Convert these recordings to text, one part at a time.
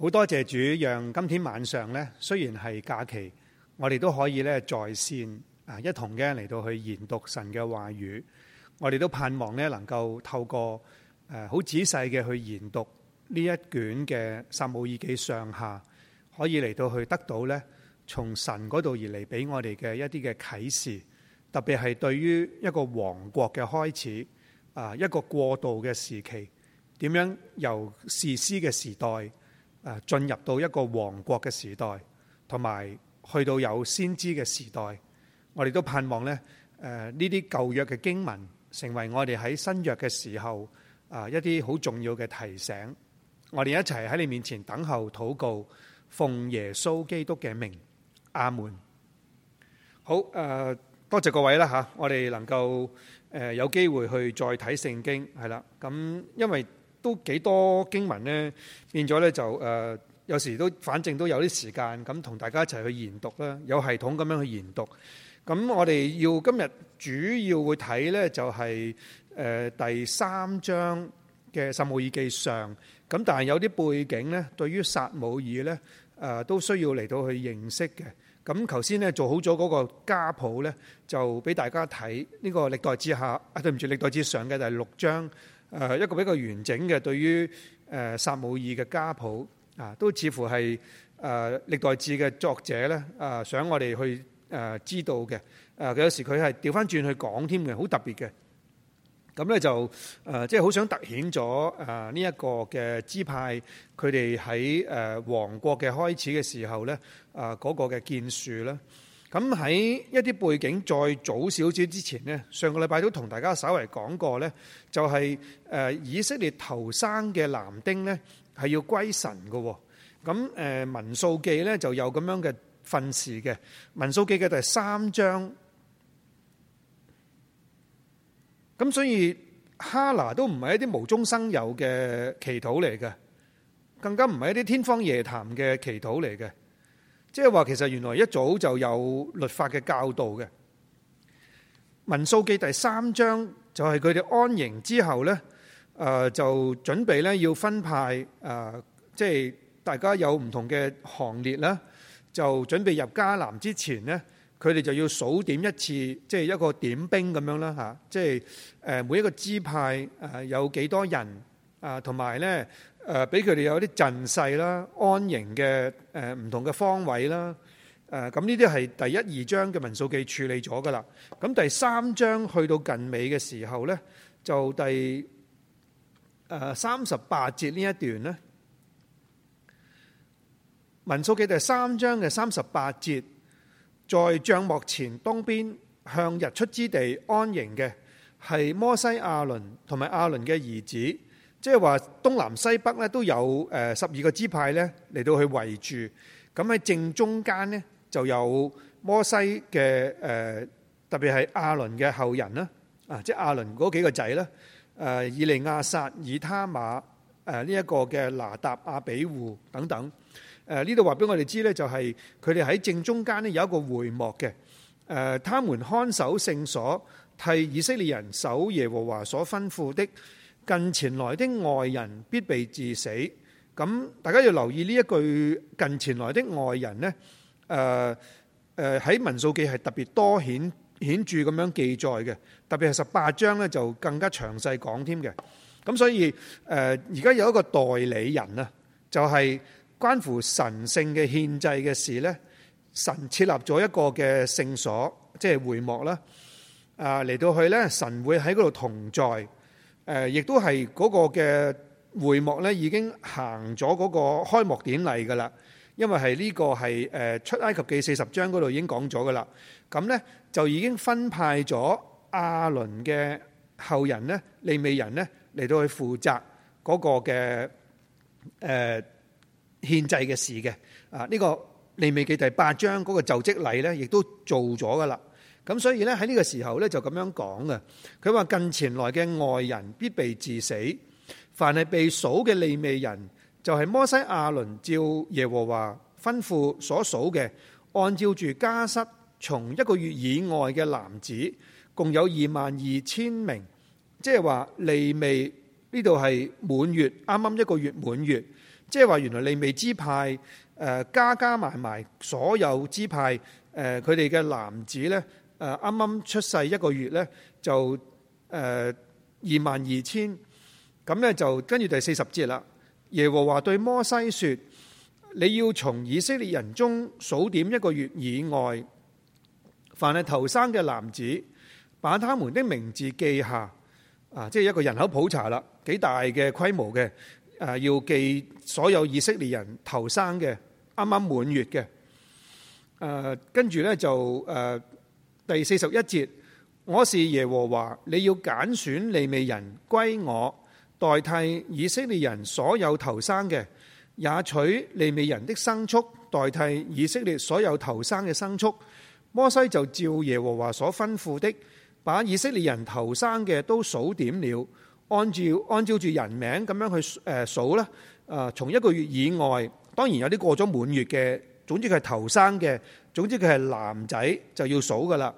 好多謝主，讓今天晚上咧，雖然係假期，我哋都可以咧，在線啊一同嘅嚟到去研讀神嘅話語。我哋都盼望咧能夠透過誒好仔細嘅去研讀呢一卷嘅《撒母耳記》上下，可以嚟到去得到咧從神嗰度而嚟俾我哋嘅一啲嘅啟示，特別係對於一個王國嘅開始啊，一個過渡嘅時期點樣由士師嘅時代。進入到一個王國嘅時代，同埋去到有先知嘅時代，我哋都盼望呢，誒呢啲舊約嘅經文，成為我哋喺新約嘅時候，啊一啲好重要嘅提醒。我哋一齊喺你面前等候禱告，奉耶穌基督嘅名，阿門。好誒，多謝各位啦吓，我哋能夠誒有機會去再睇聖經係啦，咁因為。都幾多經文呢？變咗呢，就有時都反正都有啲時間咁，同大家一齊去研讀啦，有系統咁樣去研讀。咁我哋要今日主要會睇呢，就係、是呃、第三章嘅撒母耳記上。咁但係有啲背景呢，對於撒母耳呢、呃、都需要嚟到去認識嘅。咁頭先呢，做好咗嗰個家譜呢，就俾大家睇呢、呢個歷代志下啊，對唔住歷代志上嘅就係六章。誒一個比較完整嘅對於誒撒母耳嘅家譜啊，都似乎係誒歷代志嘅作者咧誒想我哋去誒知道嘅誒。佢有時佢係調翻轉去講添嘅，好特別嘅。咁咧就誒即係好想突顯咗誒呢一個嘅支派佢哋喺誒王國嘅開始嘅時候咧啊嗰個嘅建樹咧。咁喺一啲背景再早少少之前呢，上個禮拜都同大家稍微講過呢，就係、是、誒以色列頭生嘅男丁呢，係要歸神嘅。咁誒民數記呢就有咁樣嘅訓示嘅。民數記嘅第三章，咁所以哈拿都唔係一啲無中生有嘅祈禱嚟嘅，更加唔係一啲天方夜譚嘅祈禱嚟嘅。即係話，其實原來一早就有律法嘅教導嘅《民數記》第三章就係佢哋安營之後呢，誒就準備呢要分派，誒即係大家有唔同嘅行列啦，就準備入迦南之前呢，佢哋就要數點一次，即係一個點兵咁樣啦吓，即係誒每一個支派誒有幾多人，啊同埋呢。誒俾佢哋有啲陣勢啦，安營嘅誒唔同嘅方位啦。誒咁呢啲係第一二章嘅民數記處理咗噶啦。咁、嗯、第三章去到近尾嘅時候呢，就第、呃、三十八節呢一段呢，民數記第三章嘅三十八節，在帳幕前東邊向日出之地安營嘅係摩西、亞倫同埋亞倫嘅兒子。即係話東南西北咧都有誒十二個支派咧嚟到去圍住，咁喺正中間呢，就有摩西嘅誒，特別係亞倫嘅後人啦，啊，即係亞倫嗰幾個仔啦，誒以利亞撒以他馬誒呢一個嘅拿答亞比戶等等，誒呢度話俾我哋知咧就係佢哋喺正中間咧有一個會幕嘅，誒他們看守聖所，替以色列人守耶和華所吩咐的。近前來的外人必被致死。咁大家要留意呢一句近前來的外人呢，誒誒喺民數記係特別多顯顯著咁樣記載嘅，特別係十八章咧就更加詳細講添嘅。咁所以誒而家有一個代理人啊，就係、是、關乎神聖嘅憲制嘅事呢，神設立咗一個嘅聖所，即係會幕啦。啊、呃、嚟到去呢，神會喺嗰度同在。誒，亦都係嗰個嘅會幕咧，已經行咗嗰個開幕典禮噶啦，因為係呢個係誒出埃及記四十章嗰度已經講咗噶啦。咁咧就已經分派咗亞倫嘅後人呢、利未人呢嚟到去負責嗰個嘅誒獻祭嘅事嘅。啊，呢個利未記第八章嗰個就職禮咧，亦都做咗噶啦。咁所以咧喺呢個時候咧就咁樣講嘅，佢話近前來嘅外人必被治死，凡係被數嘅利未人，就係、是、摩西亞倫照耶和華吩咐所數嘅，按照住家室從一個月以外嘅男子，共有二萬二千名，即係話利未呢度係滿月，啱啱一個月滿月，即係話原來利未支派誒加加埋埋所有支派誒佢哋嘅男子咧。誒，啱啱出世一個月呢，就誒二萬二千，咁、呃、呢，就跟住第四十節啦。耶和華對摩西說：你要從以色列人中數點一個月以外，凡係投生嘅男子，把他們的名字記下。啊、呃，即係一個人口普查啦，幾大嘅規模嘅。誒、呃，要記所有以色列人投生嘅，啱啱滿月嘅。誒、呃，跟住呢就，就、呃、誒。第四十一節，我是耶和華，你要揀選利未人歸我，代替以色列人所有頭生嘅，也取利未人的牲畜代替以色列所有頭生嘅牲畜。摩西就照耶和華所吩咐的，把以色列人頭生嘅都數點了，按照按照住人名咁樣去誒，數啦。啊，從一個月以外，當然有啲過咗滿月嘅，總之佢係頭生嘅。總之佢係男仔就要數噶啦。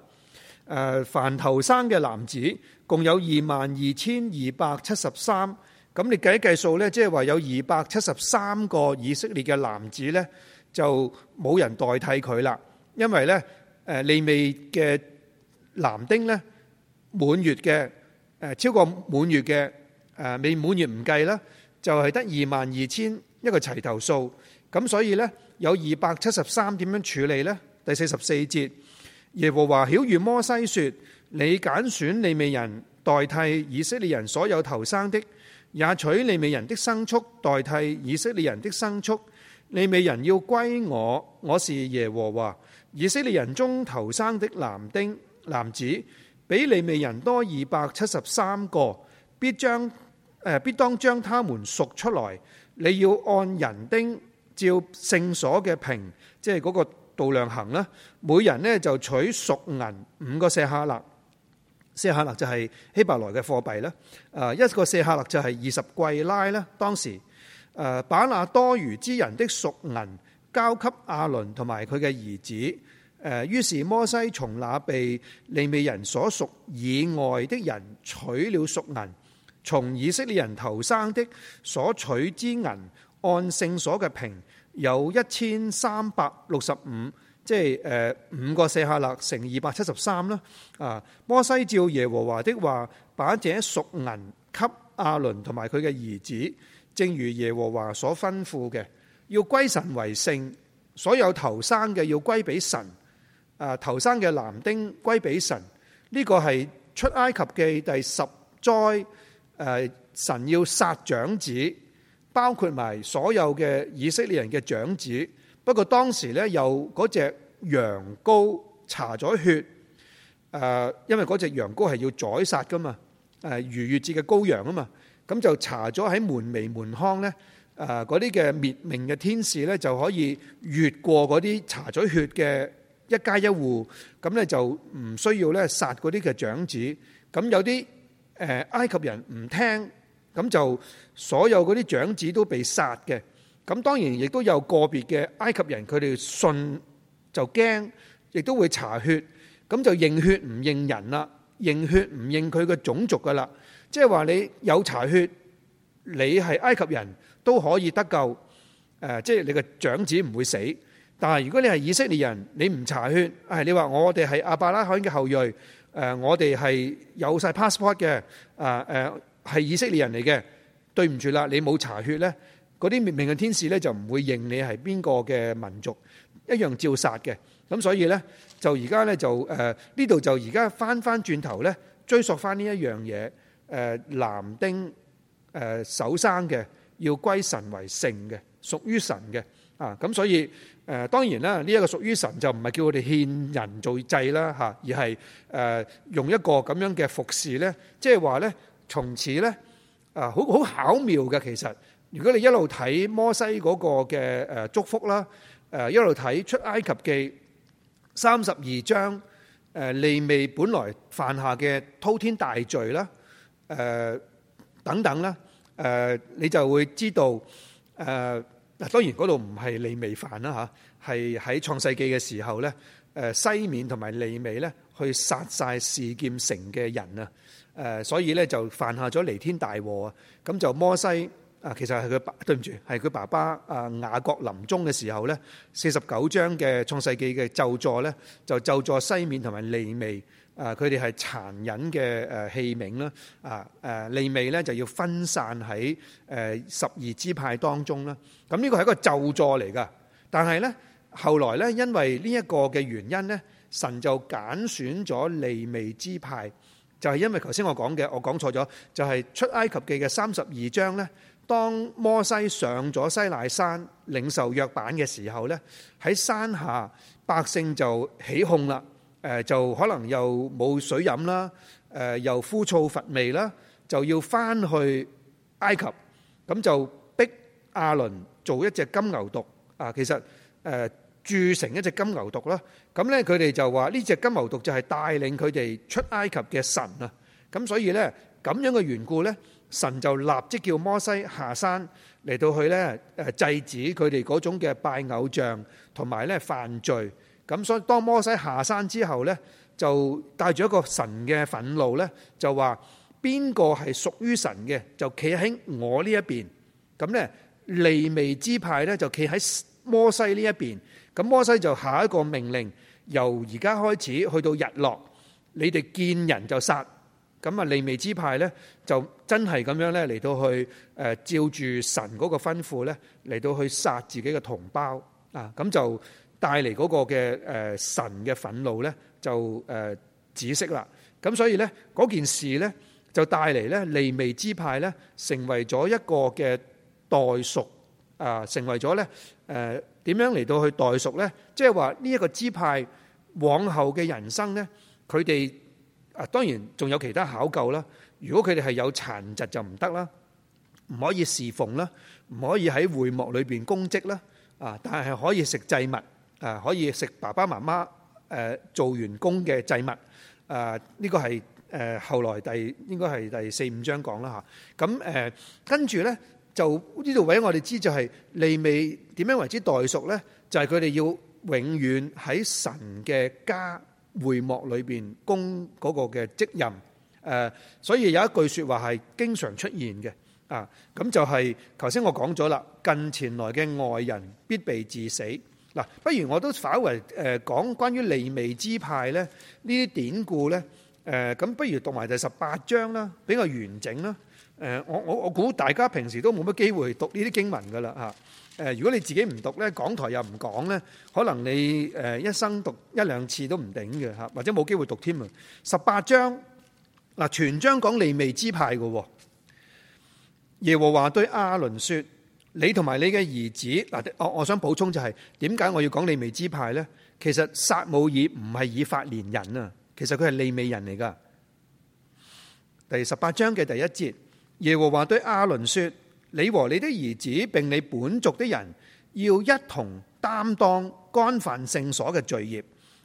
誒，凡頭生嘅男子共有二萬二千二百七十三，咁你計一計數咧，即係話有二百七十三個以色列嘅男子咧，就冇人代替佢啦。因為咧，誒，利未嘅男丁咧，滿月嘅，誒，超過滿月嘅，誒，未滿月唔計啦，就係得二萬二千一個齊頭數。咁所以咧，有二百七十三，點樣處理咧？第四十四節，耶和華曉諭摩西說：你揀選利未人代替以色列人所有投生的，也取利未人的牲畜，代替以色列人的牲畜。利未人要歸我，我是耶和華。以色列人中投生的男丁男子，比利未人多二百七十三個，必將誒、呃、必當將他們贖出來。你要按人丁照聖所嘅平，即係嗰、那個。度量衡啦，每人咧就取贖銀五個舍客勒，舍客勒就係希伯來嘅貨幣咧。誒，一個舍客勒就係二十季拉咧。當時誒，把那多餘之人的贖銀交給亞倫同埋佢嘅兒子。誒，於是摩西從那被利未人所贖以外的人取了贖銀，從以色列人頭生的所取之銀按聖所嘅平。有一千三百六十五，即係誒五個四下勒乘二百七十三啦。啊，摩西照耶和華的話，把這贖銀給亞倫同埋佢嘅兒子，正如耶和華所吩咐嘅，要歸神為聖。所有頭生嘅要歸俾神。啊，頭生嘅男丁歸俾神。呢、這個係出埃及記第十災。誒、啊，神要殺長子。包括埋所有嘅以色列人嘅長子，不過當時咧有嗰隻羊羔查咗血，誒、呃，因為嗰隻羊羔係要宰殺噶、呃、嘛，誒逾越節嘅羔羊啊嘛，咁就查咗喺門楣門框咧，誒嗰啲嘅滅命嘅天使咧就可以越過嗰啲查咗血嘅一家一戶，咁咧就唔需要咧殺嗰啲嘅長子，咁有啲誒、呃、埃及人唔聽。咁就所有嗰啲長子都被殺嘅。咁當然亦都有個別嘅埃及人，佢哋信就驚，亦都會查血。咁就認血唔認人啦，認血唔認佢嘅種族噶啦。即係話你有查血，你係埃及人都可以得救。誒，即係你嘅長子唔會死。但係如果你係以色列人，你唔查血，係你話我哋係亞伯拉罕嘅後裔，誒，我哋係有晒 passport 嘅。誒誒。係以色列人嚟嘅，對唔住啦，你冇搽血呢，嗰啲滅命嘅天使呢，就唔會認你係邊個嘅民族，一樣照殺嘅。咁所以呢，就而家呢，就誒呢度就而家翻翻轉頭呢，追溯翻呢一樣嘢誒，男、呃、丁誒、呃、守生嘅要歸神為聖嘅，屬於神嘅啊。咁所以誒、呃、當然啦，呢、這、一個屬於神就唔係叫我哋獻人做祭啦吓、啊，而係誒、呃、用一個咁樣嘅服侍、就是、說呢，即係話呢。從此咧，啊，好好巧妙嘅其實，如果你一路睇摩西嗰個嘅誒祝福啦，誒一路睇出埃及記三十二章誒利未本來犯下嘅滔天大罪啦，誒、呃、等等啦，誒、呃、你就會知道誒，嗱、呃、當然嗰度唔係利未犯啦嚇，係喺創世記嘅時候咧，誒西面同埋利未咧去殺晒示劍城嘅人啊！誒，所以咧就犯下咗彌天大禍啊！咁就摩西啊，其實係佢爸、爸，對唔住，係佢爸爸啊雅各臨終嘅時候呢，四十九章嘅創世記嘅咒詛呢，就咒詛西面同埋利未啊，佢哋係殘忍嘅誒器皿啦啊，誒利未呢就要分散喺誒十二支派當中啦。咁呢個係一個咒詛嚟㗎，但係呢，後來呢，因為呢一個嘅原因呢，神就揀選咗利未支派。就係因為頭先我講嘅，我講錯咗。就係出埃及記嘅三十二章咧，當摩西上咗西奈山領受約版嘅時候咧，喺山下百姓就起鬨啦。誒，就可能又冇水飲啦，誒，又枯燥乏味啦，就要返去埃及。咁就逼亞倫做一隻金牛犢。啊，其實誒。鑄成一隻金牛犢啦，咁咧佢哋就話呢隻金牛犢就係帶領佢哋出埃及嘅神啊，咁所以呢，咁樣嘅緣故呢，神就立即叫摩西下山嚟到去呢，誒，制止佢哋嗰種嘅拜偶像同埋呢犯罪，咁所以當摩西下山之後呢，就帶住一個神嘅憤怒呢，就話邊個係屬於神嘅就企喺我呢一邊，咁呢，利未支派呢，就企喺摩西呢一邊。咁摩西就下一個命令，由而家開始去到日落，你哋見人就殺。咁啊利未支派咧就真係咁樣咧嚟到去誒照住神嗰個吩咐咧嚟到去殺自己嘅同胞啊！咁就帶嚟嗰個嘅誒神嘅憤怒咧就誒紫色啦。咁所以咧嗰件事咧就帶嚟咧利未支派咧成為咗一個嘅代贖啊，成為咗咧誒。點樣嚟到去代贖呢？即係話呢一個支派往後嘅人生呢，佢哋啊當然仲有其他考究啦。如果佢哋係有殘疾就唔得啦，唔可以侍奉啦，唔可以喺會幕裏邊供職啦。啊，但係可以食祭物，啊可以食爸爸媽媽誒做員工嘅祭物。啊，呢個係誒後來第應該係第四五章講啦嚇。咁誒跟住呢。就呢度位我哋知就係利未點樣為之代屬咧？就係佢哋要永遠喺神嘅家會幕裏邊供嗰個嘅職任。誒，所以有一句説話係經常出現嘅。啊，咁就係頭先我講咗啦，近前來嘅外人必被治死。嗱，不如我都反為誒講關於利未支派咧呢啲典故咧。誒，咁不如讀埋第十八章啦，比較完整啦。誒，我我我估大家平時都冇乜機會讀呢啲經文噶啦嚇。誒，如果你自己唔讀咧，講台又唔講咧，可能你誒一生讀一兩次都唔頂嘅嚇，或者冇機會讀添喎。十八章嗱，全章講利未支派嘅喎。耶和華對亞倫說：你同埋你嘅兒子嗱，我我想補充就係點解我要講利未支派咧？其實撒母耳唔係以法蓮人啊，其實佢係利未人嚟㗎。第十八章嘅第一節。耶和華對亞倫說：你和你的兒子並你本族的人，要一同擔當干犯聖所的罪孽；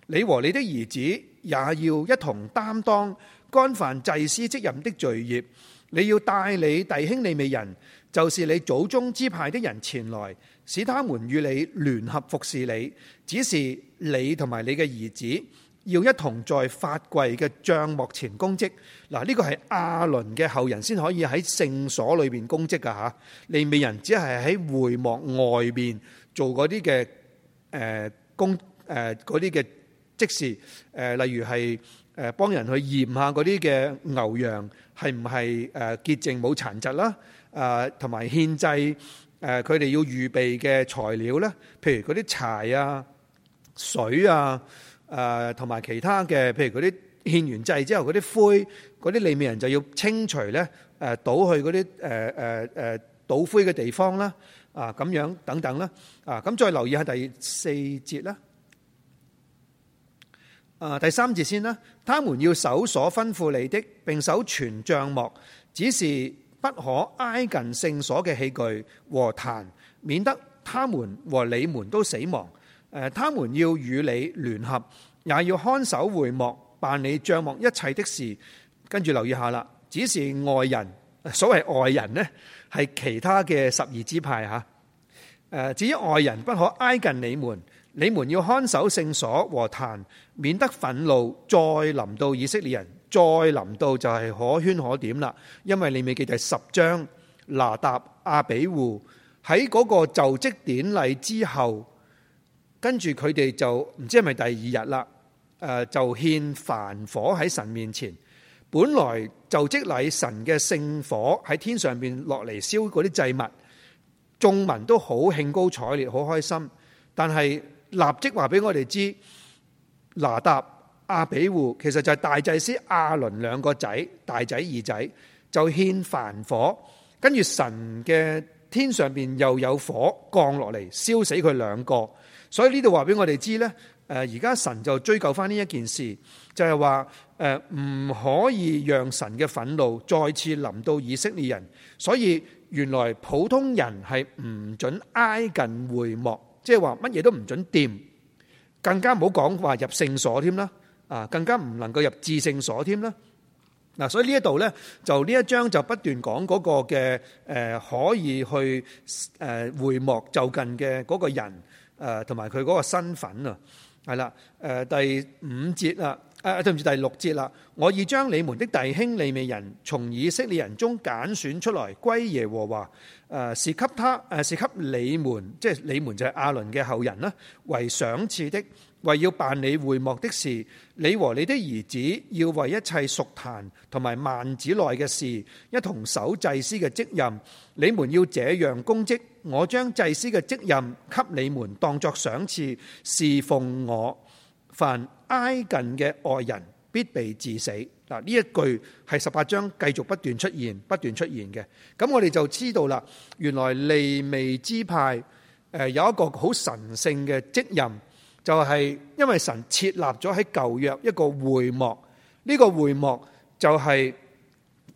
你和你的兒子也要一同擔當干犯祭司職任的罪孽。你要帶你弟兄利未人，就是你祖宗支派的人前來，使他們與你聯合服侍你。只是你同埋你嘅兒子。要一同在法櫃嘅帳幕前供職，嗱呢個係阿倫嘅後人先可以喺聖所裏邊供職噶吓，利未人只係喺會幕外面做嗰啲嘅誒供誒啲嘅職事，誒、呃呃呃、例如係誒幫人去驗下嗰啲嘅牛羊係唔係誒潔淨冇殘疾啦，啊同埋獻祭誒佢哋要預備嘅材料咧，譬如嗰啲柴啊、水啊。誒同埋其他嘅，譬如嗰啲獻完祭之後，嗰啲灰，嗰啲利未人就要清除咧，誒倒去嗰啲誒誒誒倒灰嘅地方啦，啊咁樣等等啦，啊咁再留意下第四節啦。啊第三節先啦，他們要守所吩咐你的，並守全帳幕，只是不可挨近聖所嘅器具和壇，免得他們和你們都死亡。誒，他們要與你聯合，也要看守會幕、辦理帳幕一切的事。跟住留意一下啦，只是外人。所謂外人呢，係其他嘅十二支派吓。至於外人不可挨近你們，你們要看守聖所和壇，免得憤怒再臨到以色列人，再臨到就係可圈可點啦。因為利未記就十章拿答阿比戶喺嗰個就職典禮之後。跟住佢哋就唔知係咪第二日啦？誒就獻燔火喺神面前。本來就職禮神嘅聖火喺天上邊落嚟燒嗰啲祭物，眾民都好興高采烈，好開心。但係立即話俾我哋知，拿答亞比戶其實就係大祭司亞倫兩個仔，大仔二仔就獻燔火。跟住神嘅天上邊又有火降落嚟，燒死佢兩個。所以呢度話俾我哋知咧，誒而家神就追究翻呢一件事，就係話誒唔可以讓神嘅憤怒再次臨到以色列人。所以原來普通人係唔准挨近會幕，即係話乜嘢都唔准掂，更加唔好講話入聖所添啦。啊，更加唔能夠入至聖所添啦。嗱，所以呢一度咧，就呢一章就不斷講嗰個嘅誒可以去誒會幕就近嘅嗰個人。誒，同埋佢嗰個身份啊，係啦，誒，第五節啦。誒，對唔住第六節啦，我已將你們的弟兄利未人從以色列人中揀選出來歸耶和華，誒是給他，誒是給你們，即係你們就係亞倫嘅後人啦，為賞賜的，為要辦理會幕的事，你和你的兒子要為一切屬壇同埋幔子內嘅事，一同守祭司嘅職任，你們要這樣公職，我將祭司嘅職任給你們當作賞賜，侍奉我。凡挨近嘅外人必被致死。嗱，呢一句係十八章繼續不斷出現、不斷出現嘅。咁我哋就知道啦。原來利未支派誒有一個好神聖嘅職任，就係因為神設立咗喺舊約一個會幕。呢個會幕就係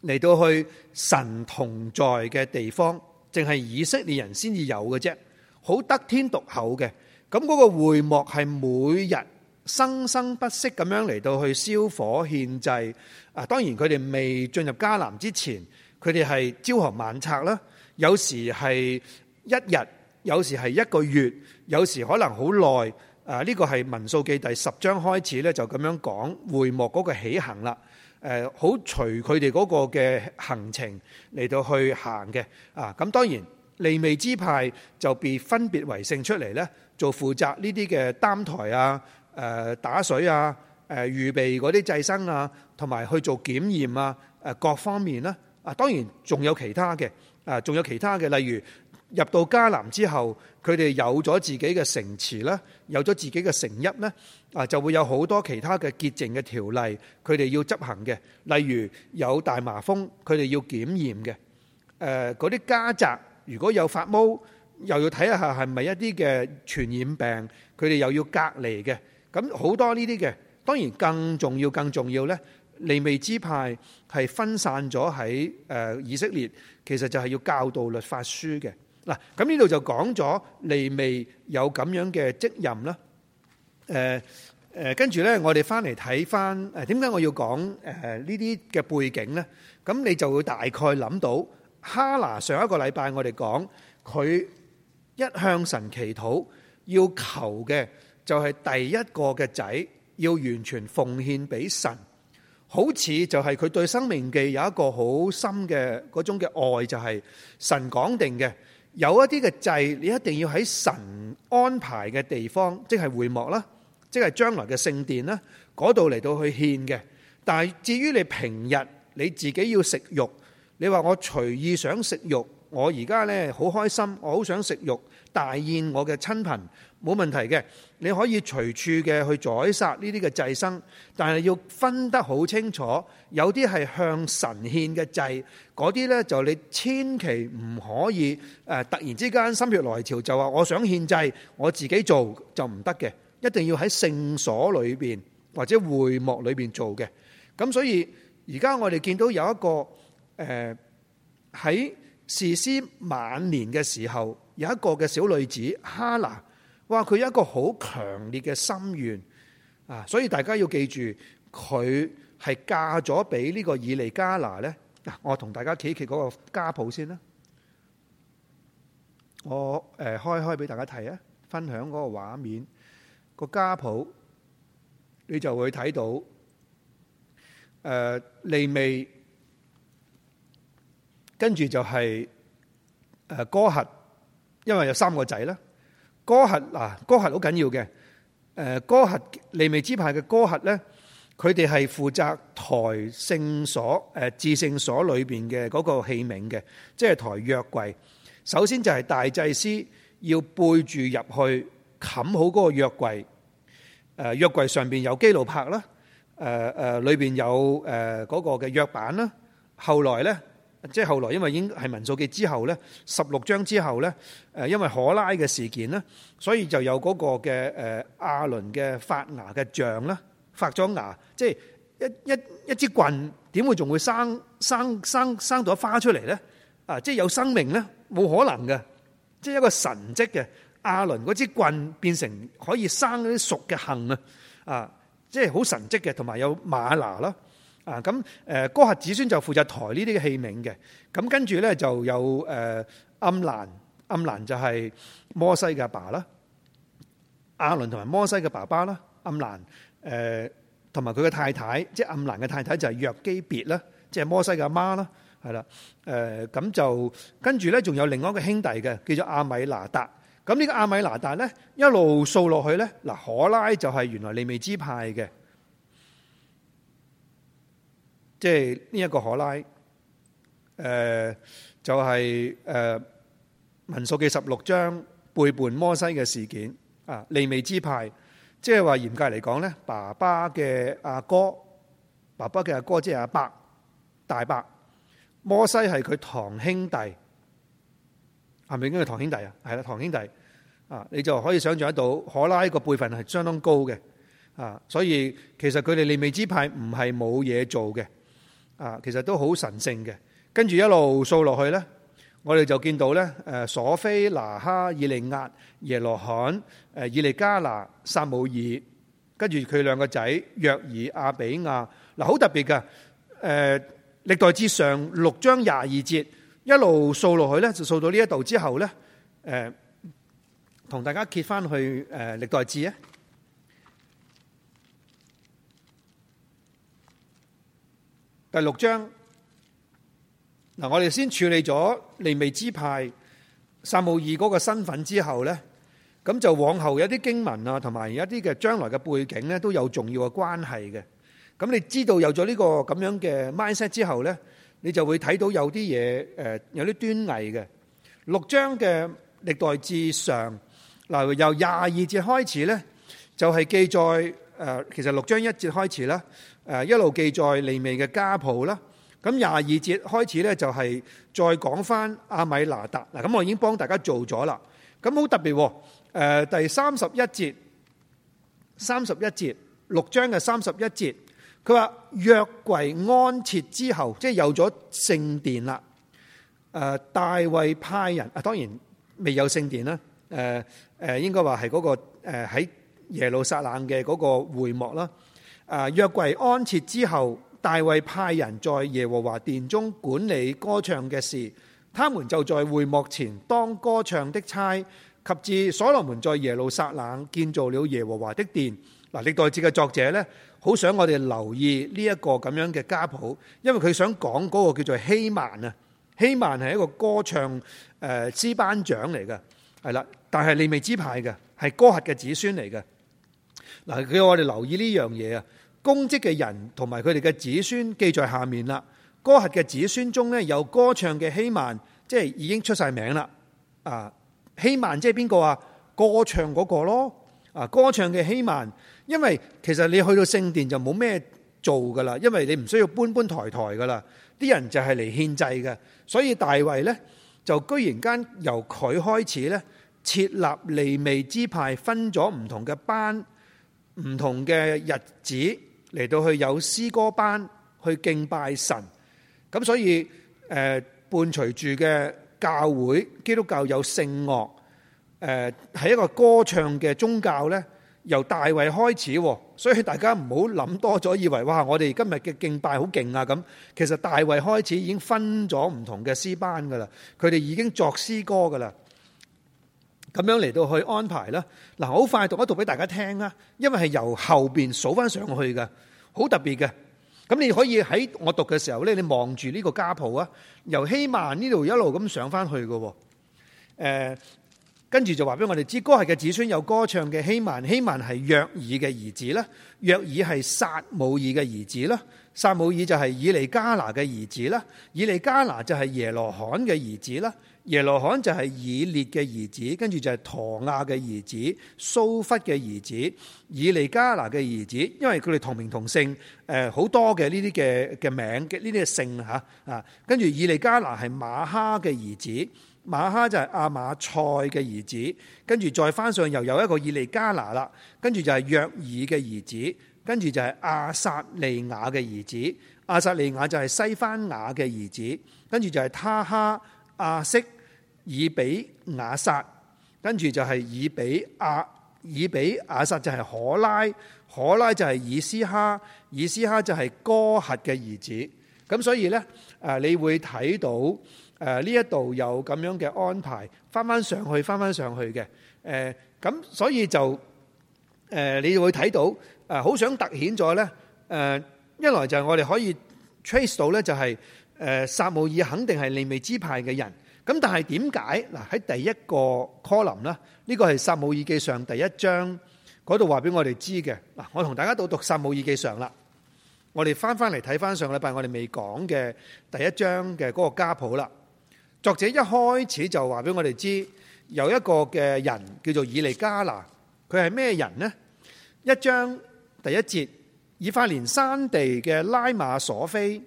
嚟到去神同在嘅地方，淨係以色列人先至有嘅啫，好得天獨厚嘅。咁嗰個會幕係每日。生生不息咁樣嚟到去燒火獻祭啊！當然佢哋未進入迦南之前，佢哋係朝行晚拆啦。有時係一日，有時係一個月，有時可能好耐啊！呢、這個係民數記第十章開始咧，就咁樣講會幕嗰個起行啦。誒，好隨佢哋嗰個嘅行程嚟到去行嘅啊！咁當然利未支派就被分別為聖出嚟咧，做負責呢啲嘅擔台啊。誒打水啊！誒預備嗰啲祭牲啊，同埋去做檢驗啊！誒各方面啦、啊，啊當然仲有其他嘅，啊仲有其他嘅，例如入到迦南之後，佢哋有咗自己嘅城池啦，有咗自己嘅城邑咧，啊就會有好多其他嘅潔淨嘅條例，佢哋要執行嘅。例如有大麻風，佢哋要檢驗嘅。誒嗰啲家宅如果有發毛，又要睇一下係咪一啲嘅傳染病，佢哋又要隔離嘅。咁好多呢啲嘅，當然更重要、更重要咧，利未支派係分散咗喺誒以色列，其實就係要教導律法書嘅。嗱，咁呢度就講咗利未有咁樣嘅職任啦。誒誒，跟住咧，我哋翻嚟睇翻，誒點解我要講誒呢啲嘅背景咧？咁你就會大概諗到哈拿上一個禮拜我哋講，佢一向神祈禱要求嘅。就係第一個嘅仔要完全奉獻俾神，好似就係佢對生命記有一個好深嘅嗰種嘅愛，就係神講定嘅，有一啲嘅祭，你一定要喺神安排嘅地方，即係會幕啦，即係將來嘅聖殿啦，嗰度嚟到去獻嘅。但係至於你平日，你自己要食肉，你話我隨意想食肉，我而家呢好開心，我好想食肉大宴我嘅親朋。冇問題嘅，你可以隨處嘅去宰殺呢啲嘅祭牲，但係要分得好清楚，有啲係向神獻嘅祭，嗰啲呢就你千祈唔可以誒、呃，突然之間心血來潮就話我想獻祭，我自己做就唔得嘅，一定要喺聖所裏邊或者會幕裏邊做嘅。咁所以而家我哋見到有一個誒喺、呃、士師晚年嘅時候，有一個嘅小女子哈拿。哇！佢有一個好強烈嘅心願啊，所以大家要記住，佢係嫁咗俾呢個以利加拿咧。嗱，我同大家企企嗰個家譜先啦。我誒開開俾大家睇啊，分享嗰個畫面、嗰個家譜，你就會睇到誒、呃、利未，跟住就係誒哥轄，因為有三個仔啦。哥核嗱，哥核好緊要嘅。誒，哥核利未支派嘅哥核咧，佢哋係負責抬聖所誒置聖所裏邊嘅嗰個器皿嘅，即係抬約櫃。首先就係大祭司要背住入去冚好嗰個約櫃。誒，約櫃上邊有基路柏啦。誒誒裏邊有誒嗰個嘅約板啦。後來咧。即係後來因為已經係民數記之後咧，十六章之後咧，誒因為可拉嘅事件咧，所以就有嗰個嘅誒亞倫嘅發芽嘅像啦，發咗芽，即係一一一支棍點會仲會生生生生，生到花出嚟咧？啊，即係有生命咧，冇可能嘅，即係一個神跡嘅亞倫嗰支棍變成可以生啲熟嘅杏啊！啊，即係好神跡嘅，同埋有馬拿啦。嗱，咁誒哥核子孫就負責抬呢啲嘅器皿嘅，咁跟住咧就有誒暗蘭，暗蘭就係摩西嘅爸啦，亞倫同埋摩西嘅爸爸啦，暗蘭誒同埋佢嘅太太，即暗蘭嘅太太就係約基別啦，即係摩西嘅阿媽啦，係啦，誒咁就跟住咧仲有另外一個兄弟嘅，叫做亞米拿達，咁呢個亞米拿達咧一路掃落去咧，嗱可拉就係原來利未支派嘅。即係呢一個可拉，誒、呃，就係、是、誒、呃、民數記嘅十六章背叛摩西嘅事件啊，利未支派，即係話嚴格嚟講咧，爸爸嘅阿哥，爸爸嘅阿哥即係阿伯大伯，摩西係佢堂兄弟，係咪應該係堂兄弟啊？係啦，堂兄弟啊，你就可以想象得到可拉個輩分係相當高嘅啊，所以其實佢哋利未支派唔係冇嘢做嘅。啊，其實都好神聖嘅。跟住一路數落去咧，我哋就見到咧，誒，所非拿、哈以利押、耶羅罕，誒，以利加拿、撒母耳，跟住佢兩個仔約珥、阿比亞。嗱、啊，好特別嘅，誒、呃，歷代志上六章廿二節一路數落去咧，就數到呢一度之後咧，誒、呃，同大家揭翻去誒、呃、歷代志啊。第六章嗱，我哋先處理咗利未支派撒母耳嗰個身份之後咧，咁就往後有啲經文啊，同埋一啲嘅將來嘅背景咧，都有重要嘅關係嘅。咁你知道有咗呢個咁樣嘅 mindset 之後咧，你就會睇到有啲嘢誒，有啲端倪嘅。六章嘅歷代志上，嗱由廿二節開始咧，就係記載。誒，其實六章一節開始啦，誒一路記載利未嘅家譜啦，咁廿二節開始咧就係再講翻亞米拿達，嗱咁我已經幫大家做咗啦，咁好特別，誒第三十一節，三十一節六章嘅三十一節，佢話約櫃安設之後，即係有咗聖殿啦，誒大衛派人，啊當然未有聖殿啦，誒誒應該話係嗰個誒喺。耶路撒冷嘅嗰個會幕啦，啊，約櫃安設之後，大衛派人在耶和華殿中管理歌唱嘅事，他們就在會幕前當歌唱的差。及至所羅門在耶路撒冷建造了耶和華的殿，嗱，歷代志嘅作者咧，好想我哋留意呢一個咁樣嘅家譜，因為佢想講嗰個叫做希曼啊，希曼係一個歌唱誒師、呃、班長嚟嘅，係啦，但係利未支派嘅，係歌客嘅子孫嚟嘅。嗱，我哋留意呢樣嘢啊，公職嘅人同埋佢哋嘅子孫記在下面啦。歌轄嘅子孫中咧，有歌唱嘅希曼，即係已經出晒名啦。啊，希曼即係邊個啊？歌唱嗰個咯。啊，歌唱嘅希曼，因為其實你去到聖殿就冇咩做噶啦，因為你唔需要搬搬抬抬噶啦，啲人就係嚟獻祭嘅，所以大衛咧就居然間由佢開始咧設立利未支派，分咗唔同嘅班。唔同嘅日子嚟到去有詩歌班去敬拜神，咁所以誒，伴隨住嘅教會基督教有聖樂，誒係一個歌唱嘅宗教咧。由大衛開始，所以大家唔好諗多咗，以為哇，我哋今日嘅敬拜好勁啊！咁其實大衛開始已經分咗唔同嘅詩班噶啦，佢哋已經作詩歌噶啦。咁樣嚟到去安排啦，嗱，好快讀一讀俾大家聽啦，因為係由後邊數翻上去嘅，好特別嘅。咁你可以喺我讀嘅時候咧，你望住呢個家譜啊，由希曼呢度一路咁上翻去嘅。誒、呃，跟住就話俾我哋知，歌系嘅子孫有歌唱嘅希曼，希曼係約爾嘅兒子啦，約爾係撒母耳嘅兒子啦，撒母耳就係以利加拿嘅兒子啦，以利加拿就係耶羅罕嘅兒子啦。耶羅罕就係以列嘅兒子，跟住就係陀亞嘅兒子，蘇忽嘅兒子，以利加拿嘅兒子，因為佢哋同名同姓，誒、呃、好多嘅呢啲嘅嘅名嘅呢啲姓吓啊。跟住以利加拿係馬哈嘅兒子，馬哈就係阿馬賽嘅兒子，跟住再翻上又有一個以利加拿啦，跟住就係約爾嘅兒子，跟住就係亞撒利雅嘅兒子，亞撒利雅就係西番雅嘅兒子，跟住就係他哈。阿色以比雅撒，跟住就係以比雅，以比雅撒就係可拉，可拉就係以斯哈，以斯哈就係哥核嘅兒子。咁所以呢，誒你會睇到誒呢一度有咁樣嘅安排，翻翻上去，翻翻上去嘅。誒咁所以就誒你會睇到誒好想突顯咗呢。誒一來就係我哋可以 trace 到呢、就係，就係。誒，撒母耳肯定係利未支派嘅人，咁但係點解？嗱喺第一個 column 啦，呢、呢個係撒母耳記上第一章嗰度話俾我哋知嘅。嗱，我同大家都讀撒母耳記上啦，我哋翻翻嚟睇翻上個禮拜我哋未講嘅第一章嘅嗰個家譜啦。作者一開始就話俾我哋知，有一個嘅人叫做以利加拿，佢係咩人呢？一章第一節，以法蓮山地嘅拉馬索菲。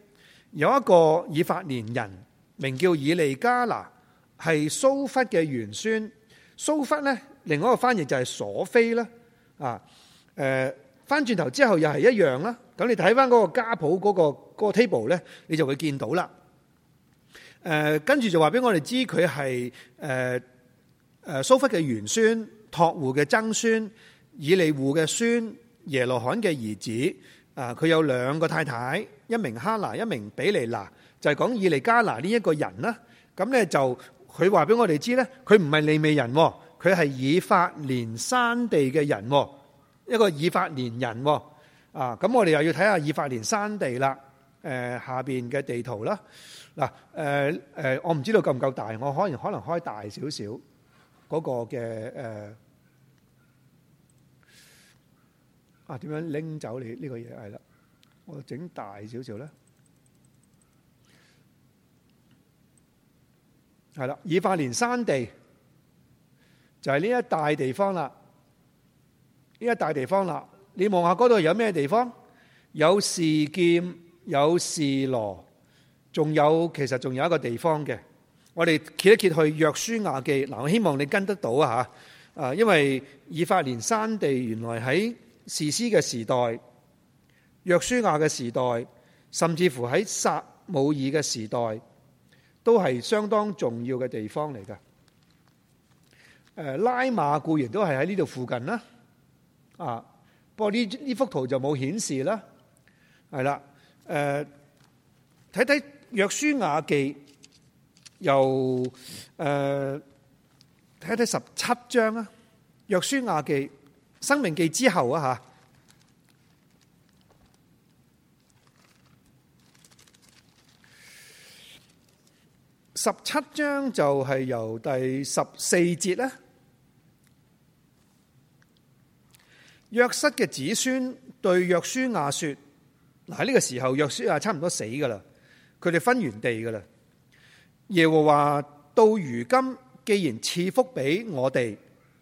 有一個以法蓮人，名叫以利加拿，係蘇弗嘅玄孫。蘇弗咧，另外一個翻譯就係索非啦。啊，誒、呃，翻轉頭之後又係一樣啦。咁你睇翻嗰個家譜嗰、嗰個、嗰個 table 咧，你就會見到啦。誒、呃，跟住就話俾我哋知佢係誒誒蘇弗嘅玄孫，托戶嘅曾孫，以利戶嘅孫，耶羅罕嘅兒子。啊！佢有兩個太太，一名哈拿，一名毗尼拿，就係、是、講以利加拿呢一個人啦。咁、啊、咧就佢話俾我哋知咧，佢唔係利未人，佢、啊、係以法連山地嘅人、啊，一個以法連人。啊！咁我哋又要睇下以法連山地啦。誒、啊、下邊嘅地圖啦。嗱、啊，誒、啊、誒、啊，我唔知道夠唔夠大，我可能可能開大少少嗰個嘅誒。啊。啊，點樣拎走你呢個嘢？係啦，我整大少少咧，係啦，以法蓮山地就係、是、呢一大地方啦，呢一大地方啦。你望下嗰度有咩地方？有示劍，有示羅，仲有，其實仲有一個地方嘅。我哋揭一揭去約書亞記，嗱，我希望你跟得到啊吓，因為以法蓮山地原來喺士師嘅時代、約書亞嘅時代，甚至乎喺撒母耳嘅時代，都係相當重要嘅地方嚟噶。誒，拉馬固然都係喺呢度附近啦。啊，不過呢呢幅圖就冇顯示啦。係啦，誒、呃，睇睇約書亞記，由誒睇睇十七章啊，約書亞記。《生命記》之後啊，吓十七章就係由第十四節啦。約瑟嘅子孫對約書亞說：嗱，呢個時候，約書亞差唔多死噶啦，佢哋分完地噶啦。耶和華到如今既然賜福俾我哋，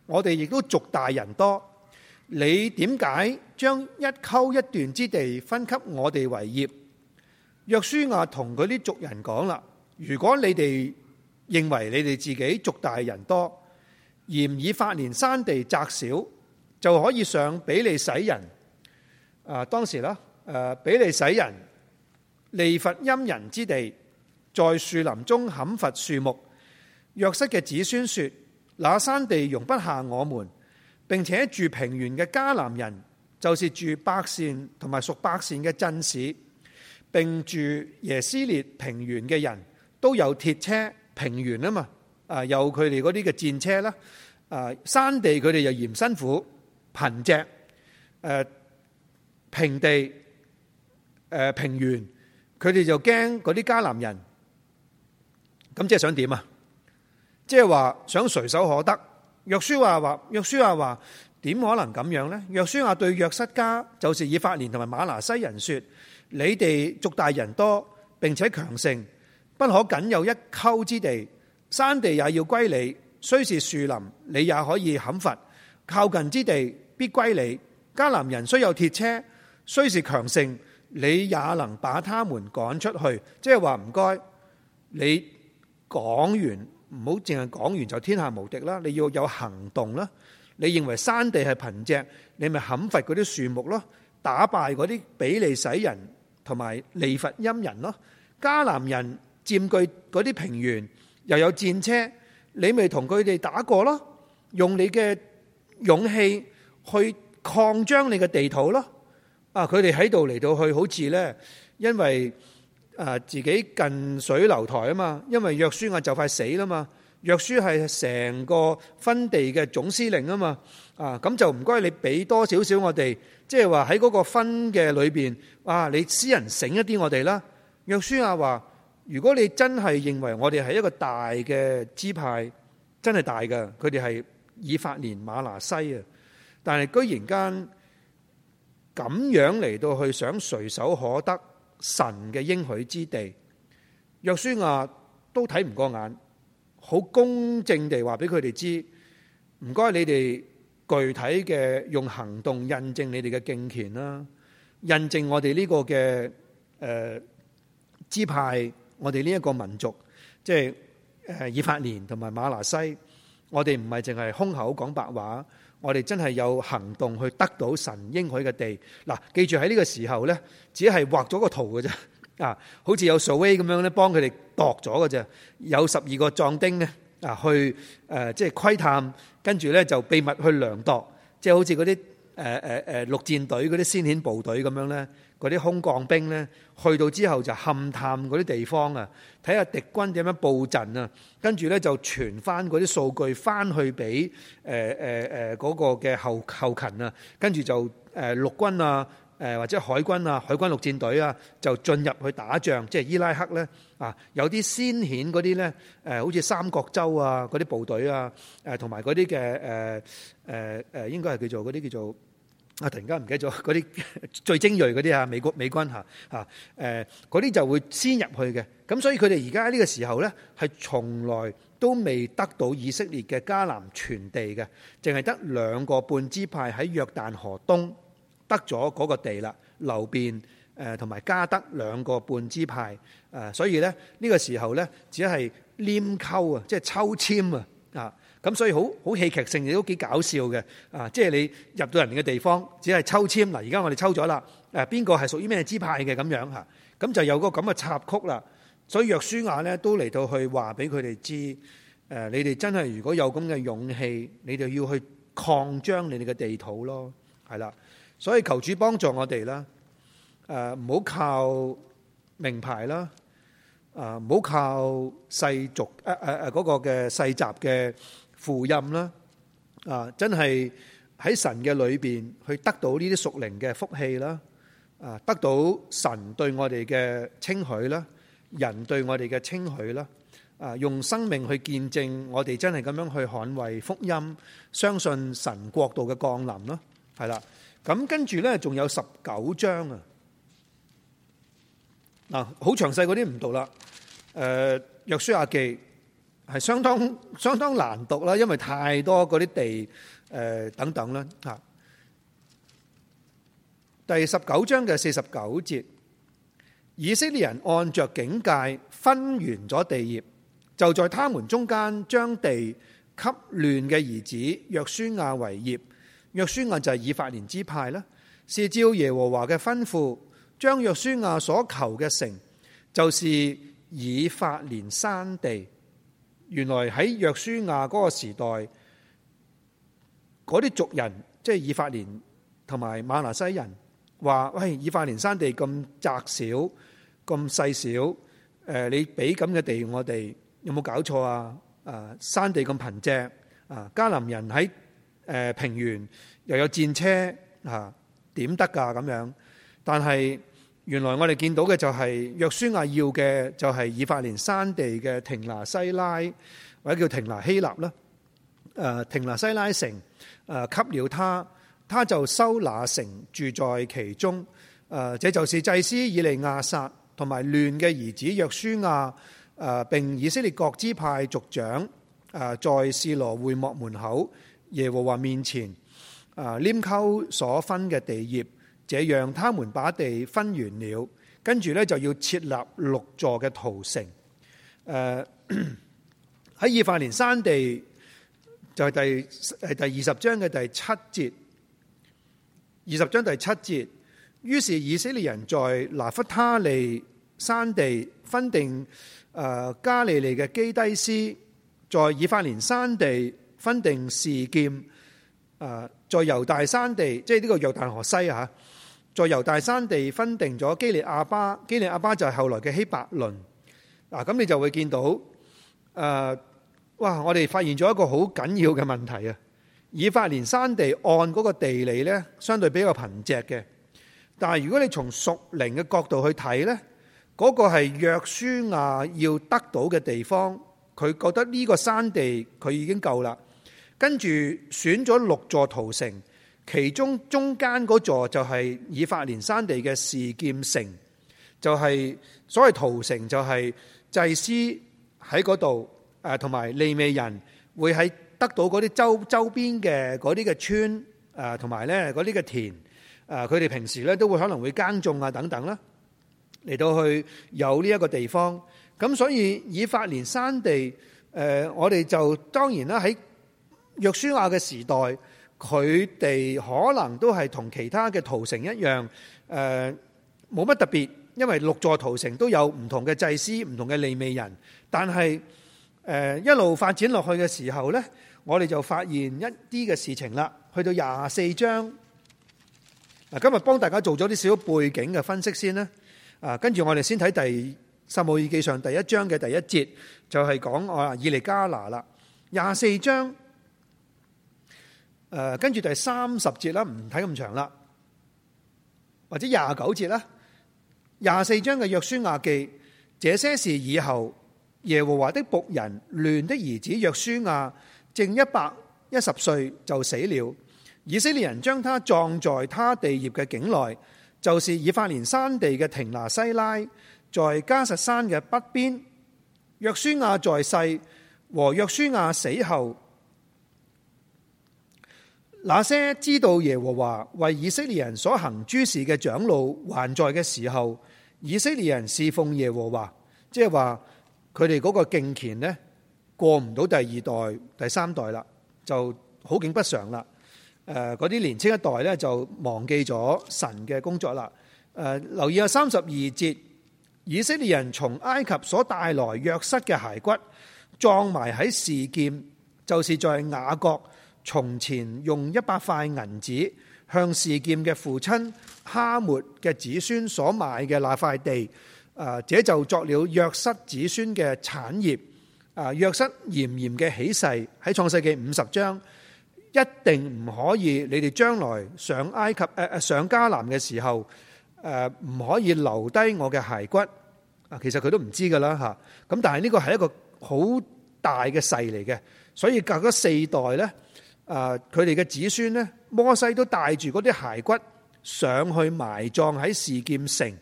我哋亦都族大人多。你點解將一鬮一段之地分給我哋為業？約書亞同佢啲族人講啦，如果你哋認為你哋自己族大人多，嫌以法連山地窄小，就可以上比利洗人。啊，當時啦，誒、啊，比利洗人利乏音人之地，在樹林中砍伐樹木。約瑟嘅子孫說：那山地容不下我們。並且住平原嘅迦南人，就是住伯善同埋屬伯善嘅鎮市，並住耶斯列平原嘅人都有鐵車，平原啊嘛，啊有佢哋嗰啲嘅戰車啦，啊山地佢哋又嫌辛苦貧瘠，誒平地誒平原，佢哋就驚嗰啲迦南人，咁即係想點啊？即係話想隨手可得。約書亞、啊、話：約書話、啊、點可能咁樣呢？約書話、啊、對約瑟家，就是以法蓮同埋馬拿西人說：你哋族大人多，並且強盛，不可僅有一丘之地，山地也要歸你；雖是樹林，你也可以砍伐。靠近之地必歸你。迦南人雖有鐵車，雖是強盛，你也能把他們趕出去。即係話唔該，你講完。唔好淨係講完就天下無敵啦，你要有行動啦。你認為山地係貧瘠，你咪砍伐嗰啲樹木咯，打敗嗰啲比利洗人同埋利乏音人咯。迦南人佔據嗰啲平原，又有戰車，你咪同佢哋打過咯。用你嘅勇氣去擴張你嘅地土咯。啊，佢哋喺度嚟到去好似呢，因為。啊！自己近水樓台啊嘛，因為約書亞就快死啦嘛。約書係成個分地嘅總司令啊嘛。啊，咁就唔該你俾多少少我哋，即係話喺嗰個分嘅裏面，啊，你私人醒一啲我哋啦。約書亞話：如果你真係認為我哋係一個大嘅支派，真係大嘅，佢哋係以法蓮、馬拿西啊。但係居然間咁樣嚟到去想隨手可得。神嘅應許之地，約書亞都睇唔過眼，好公正地話俾佢哋知，唔該你哋具體嘅用行動印證你哋嘅敬虔啦，印證我哋呢個嘅誒、呃、支派，我哋呢一個民族，即係誒以法蓮同埋瑪拿西，我哋唔係淨係空口講白話。我哋真係有行動去得到神應許嘅地。嗱，記住喺呢個時候呢，只係畫咗個圖嘅啫。好似有 survey 咁樣咧，幫佢哋度咗嘅啫。有十二個壯丁呢，啊，去窺即係窺探，跟住呢就秘密去量度，即係好似嗰啲。誒誒誒陸戰隊嗰啲先遣部隊咁樣咧，嗰啲空降兵咧，去到之後就勘探嗰啲地方啊，睇下敵軍點樣佈陣啊，跟住咧就傳翻嗰啲數據翻去俾誒誒誒嗰個嘅後後勤啊，跟住就誒、呃、陸軍啊。誒或者海軍啊，海軍陸戰隊啊，就進入去打仗，即係伊拉克咧啊，有啲先遣嗰啲咧，誒、啊、好似三角洲啊嗰啲部隊啊，誒同埋嗰啲嘅誒誒誒應該係叫做嗰啲叫做啊，突然間唔記得咗嗰啲最精鋭嗰啲啊，美國美軍嚇嚇誒嗰啲就會先入去嘅，咁所以佢哋而家喺呢個時候咧，係從來都未得到以色列嘅迦南全地嘅，淨係得兩個半支派喺約旦河東。得咗嗰個地啦，流便誒同埋加得兩個半支派誒、呃，所以咧呢、呢個時候咧只係黏溝啊，即係抽籤啊，啊咁所以好好戲劇性，亦都幾搞笑嘅啊！即係你入到人哋嘅地方，只係抽籤。嗱、呃，而家我哋抽咗啦，誒邊個係屬於咩支派嘅咁樣嚇？咁、啊、就有個咁嘅插曲啦。所以約書亞咧都嚟到去話俾佢哋知誒，你哋真係如果有咁嘅勇氣，你哋要去擴張你哋嘅地土咯，係啦。所以求主幫助我哋啦，誒唔好靠名牌啦，啊唔好靠世俗誒誒誒嗰個嘅世襲嘅福音啦，啊真係喺神嘅裏邊去得到呢啲屬靈嘅福氣啦，啊得到神對我哋嘅稱許啦，人對我哋嘅稱許啦，啊用生命去見證我哋真係咁樣去捍衛福音，相信神國度嘅降臨咯，係啦。咁跟住咧，仲有十九章啊！嗱，好詳細嗰啲唔讀啦。誒，約書亞記係相當相當難讀啦，因為太多嗰啲地誒等等啦嚇。第十九章嘅四十九節，以色列人按著境界分完咗地業，就在他們中間將地給亂嘅兒子約書亞為業。約書亞就係以法蓮支派啦，是照耶和華嘅吩咐，將約書亞所求嘅城，就是以法蓮山地。原來喺約書亞嗰個時代，嗰啲族人即係以法蓮同埋瑪拿西人，話喂，以法蓮山地咁窄小，咁細小，誒你俾咁嘅地我哋，有冇搞錯啊？啊山地咁貧瘠，啊迦南人喺。誒，平原又有戰車吓，點得噶咁樣？但係原來我哋見到嘅，就係約書亞要嘅就係以法蓮山地嘅亭拿西拉，或者叫亭拿希納啦。誒，亭拿西拉城誒，給了他，他就收拿城住在其中。誒，這就是祭司以利亞撒同埋亂嘅兒子約書亞誒，並以色列各支派族長誒，在士羅會幕門口耶和華面前，啊，拈鬮所分嘅地業，這樣他們把地分完了，跟住咧就要設立六座嘅逃城。誒、呃，喺以法蓮山地就係、是、第係第二十章嘅第七節。二十章第七節，於是以色列人在拿弗他利山地分定，誒，加利利嘅基低斯，在以法蓮山地。分定事件，啊，在猶大山地，即係呢個約旦河西啊，在猶大山地分定咗基利亞巴，基利亞巴就係後來嘅希伯倫。嗱，咁你就會見到，啊、呃，哇！我哋發現咗一個好緊要嘅問題啊！以法蓮山地岸嗰個地理呢，相對比較貧瘠嘅，但係如果你從屬靈嘅角度去睇呢，嗰、那個係約書亞要得到嘅地方，佢覺得呢個山地佢已經夠啦。跟住選咗六座屠城，其中中間嗰座就係以法蓮山地嘅示劍城，就係、是、所謂屠城，就係祭司喺嗰度，誒、啊，同埋利未人會喺得到嗰啲周周邊嘅嗰啲嘅村，誒、啊，同埋咧嗰啲嘅田，誒、啊，佢哋平時咧都會可能會耕種啊等等啦，嚟、啊、到去有呢一個地方，咁所以以法蓮山地，誒、啊，我哋就當然啦喺。約書亞嘅時代，佢哋可能都係同其他嘅逃城一樣，誒、呃，冇乜特別，因為六座逃城都有唔同嘅祭司、唔同嘅利未人。但係誒、呃、一路發展落去嘅時候呢，我哋就發現一啲嘅事情啦。去到廿四章，嗱，今日幫大家做咗啲小背景嘅分析先啦。跟、啊、住我哋先睇《撒母耳記上》第一章嘅第一節，就係講我啊以利加拿啦，廿四章。誒，跟住第三十節啦，唔睇咁長啦，或者廿九節啦，廿四章嘅約書亞記，這些事以後耶和華的僕人亂的兒子約書亞，正一百一十歲就死了。以色列人將他葬在他地業嘅境內，就是以法蓮山地嘅亭拿西拉，在加實山嘅北邊。約書亞在世和約書亞死後，那些知道耶和華為以色列人所行諸事嘅長老還在嘅時候，以色列人侍奉耶和華，即係話佢哋嗰個敬虔咧過唔到第二代、第三代啦，就好景不常啦。誒，嗰啲年青一代咧就忘記咗神嘅工作啦。誒，留意下三十二節，以色列人從埃及所帶來約瑟嘅骸骨，葬埋喺示劍，就是在雅各。從前用一百塊銀子向示劍嘅父親哈抹嘅子孫所買嘅那塊地，誒，這就作了約瑟子孫嘅產業。啊，約瑟嚴嚴嘅起誓喺創世記五十章，一定唔可以，你哋將來上埃及誒誒、呃、上迦南嘅時候，誒、呃、唔可以留低我嘅骸骨。啊，其實佢都唔知噶啦吓。咁但係呢個係一個好大嘅誓嚟嘅，所以隔咗四代呢。啊！佢哋嘅子孫呢，摩西都帶住嗰啲骸骨上去埋葬喺示劍城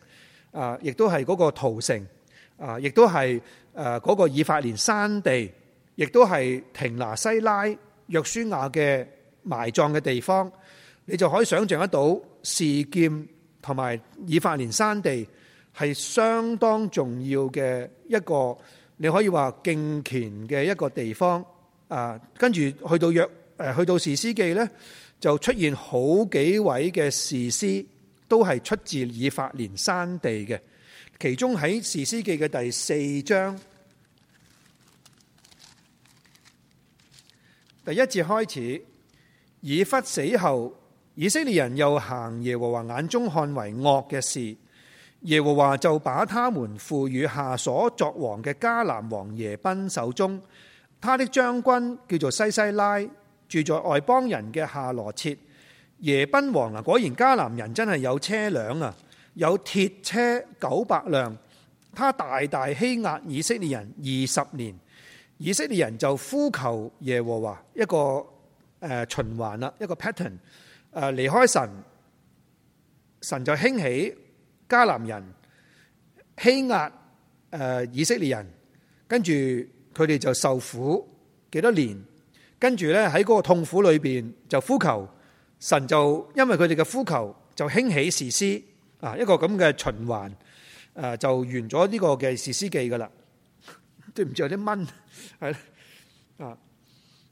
啊，亦都係嗰個逃城啊，亦都係啊嗰個以法蓮山地，亦都係亭拿西拉、約書亞嘅埋葬嘅地方。你就可以想象得到示劍同埋以法蓮山地係相當重要嘅一個，你可以話敬虔嘅一個地方啊。跟住去到約誒，去到士師記呢，就出現好幾位嘅士師，都係出自以法蓮山地嘅。其中喺士師記嘅第四章，第一節開始，以弗死後，以色列人又行耶和華眼中看為惡嘅事，耶和華就把他們賦予下所作王嘅迦南王耶賓手中，他的將軍叫做西西拉。住在外邦人嘅夏羅切耶賓王啊！果然迦南人真係有車輛啊，有鐵車九百輛。他大大欺壓以色列人二十年，以色列人就呼求耶和華一個誒循環啦，一個 pattern 誒離開神，神就興起迦南人欺壓誒以色列人，跟住佢哋就受苦幾多年。跟住咧喺嗰個痛苦裏邊就呼求，神就因為佢哋嘅呼求就興起士師啊，一個咁嘅循環，誒就完咗呢個嘅士師記噶啦。對唔住，有啲蚊係啊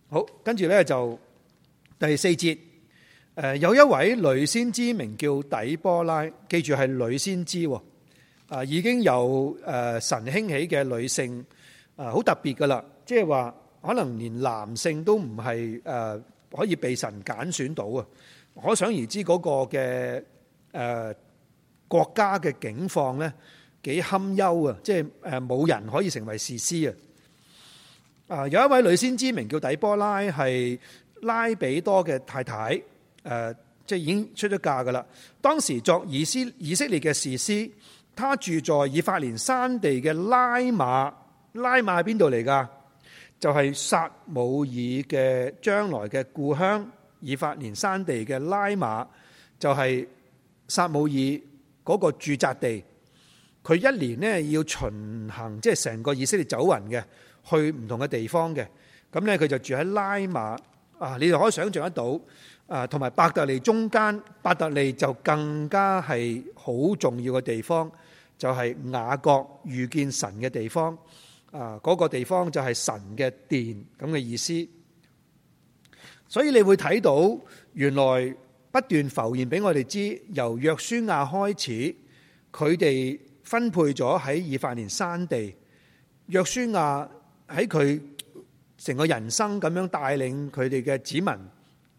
好，跟住咧就第四節，誒有一位女先知名叫底波拉，記住係女先知，啊已經有誒神興起嘅女性，好特別噶啦，即係話。可能連男性都唔係誒可以被神揀選到啊！可想而知嗰個嘅誒、呃、國家嘅境況咧幾堪憂啊！即係誒冇人可以成為士師啊！啊、呃，有一位女先知名叫底波拉，係拉比多嘅太太誒、呃，即係已經出咗嫁噶啦。當時作以斯以色列嘅士師，她住在以法蓮山地嘅拉馬，拉馬喺邊度嚟噶？就係、是、撒母耳嘅將來嘅故鄉以法蓮山地嘅拉馬，就係、是、撒母耳嗰個住宅地。佢一年呢要巡行，即係成個以色列走勻嘅，去唔同嘅地方嘅。咁呢，佢就住喺拉馬啊，你就可以想象得到啊。同埋伯特利中間，伯特利就更加係好重要嘅地方，就係、是、雅各遇見神嘅地方。啊！嗰、那個地方就係神嘅殿，咁嘅意思，所以你會睇到原來不斷浮現俾我哋知，由約書亞開始，佢哋分配咗喺以法蓮山地。約書亞喺佢成個人生咁樣帶領佢哋嘅子民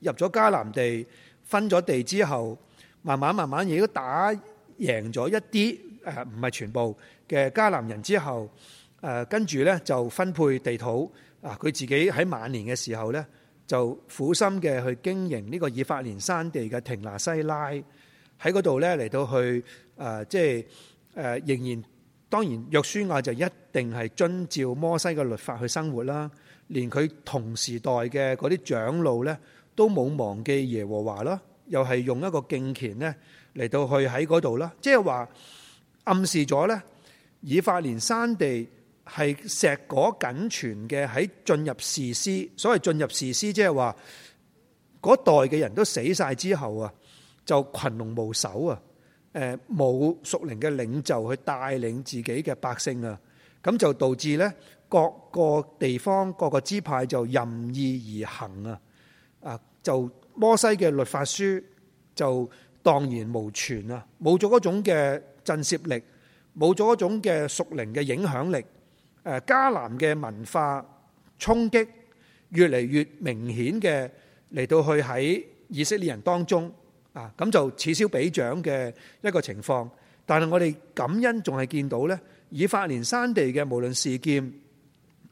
入咗迦南地，分咗地之後，慢慢慢慢亦都打贏咗一啲誒，唔係全部嘅迦南人之後。誒跟住咧就分配地土啊！佢自己喺晚年嘅時候咧，就苦心嘅去經營呢個以法蓮山地嘅亭拿西拉喺嗰度咧嚟到去誒、呃、即係誒、呃、仍然當然約書亞就一定係遵照摩西嘅律法去生活啦。連佢同時代嘅嗰啲長老咧都冇忘記耶和華啦，又係用一個敬虔咧嚟到去喺嗰度啦。即係話暗示咗咧以法蓮山地。係石果僅存嘅喺進入時師，所謂進入時師，即係話嗰代嘅人都死晒之後啊，就群龍無首啊，誒冇屬靈嘅領袖去帶領自己嘅百姓啊，咁就導致呢，各個地方各個支派就任意而行啊，啊就摩西嘅律法書就蕩然無存啊，冇咗嗰種嘅震懾力，冇咗嗰種嘅屬靈嘅影響力。誒，迦南嘅文化衝擊越嚟越明顯嘅嚟到去喺以色列人當中啊，咁就此消彼長嘅一個情況。但係我哋感恩仲係見到咧，以法蓮山地嘅無論示劍，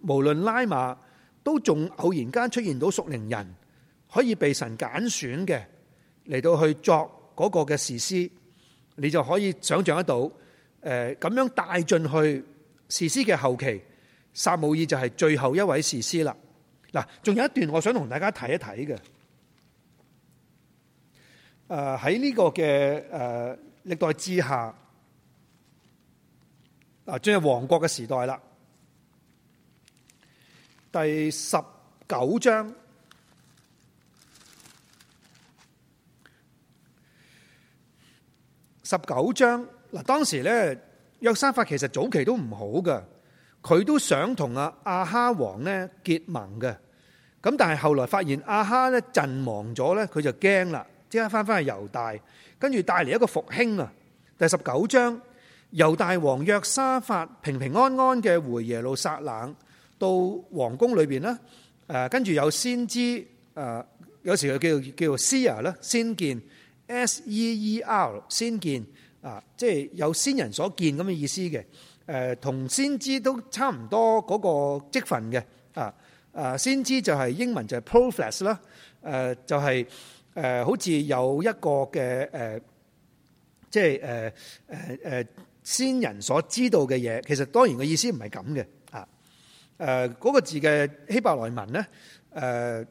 無論拉馬，都仲偶然間出現到屬靈人可以被神揀選嘅嚟到去作嗰個嘅士師。你就可以想象得到，誒咁樣帶進去。士師嘅後期，撒母耳就係最後一位士師啦。嗱，仲有一段我想同大家睇一睇嘅。誒，喺呢個嘅誒，歷代之下，嗱，進入王國嘅時代啦。第十九章，十九章嗱，當時咧。約沙法其實早期都唔好噶，佢都想同阿阿哈王呢結盟嘅，咁但係後來發現阿哈呢陣亡咗咧，佢就驚啦，即刻翻翻去猶大，跟住帶嚟一個復興啊！第十九章，猶大王約沙法平平安安嘅回耶路撒冷，到皇宮裏邊啦，誒，跟住有先知，誒，有時佢叫叫 seer 啦，先見 s e e r，先見。啊，即係有先人所見咁嘅意思嘅，誒、呃、同先知都差唔多嗰個積分嘅，啊啊先知就係英文就係 prophet 啦，誒就係、是、誒、啊、好似有一個嘅誒，即係誒誒誒先人所知道嘅嘢，其實當然嘅意思唔係咁嘅，啊誒嗰、那個字嘅希伯來文咧，誒、啊、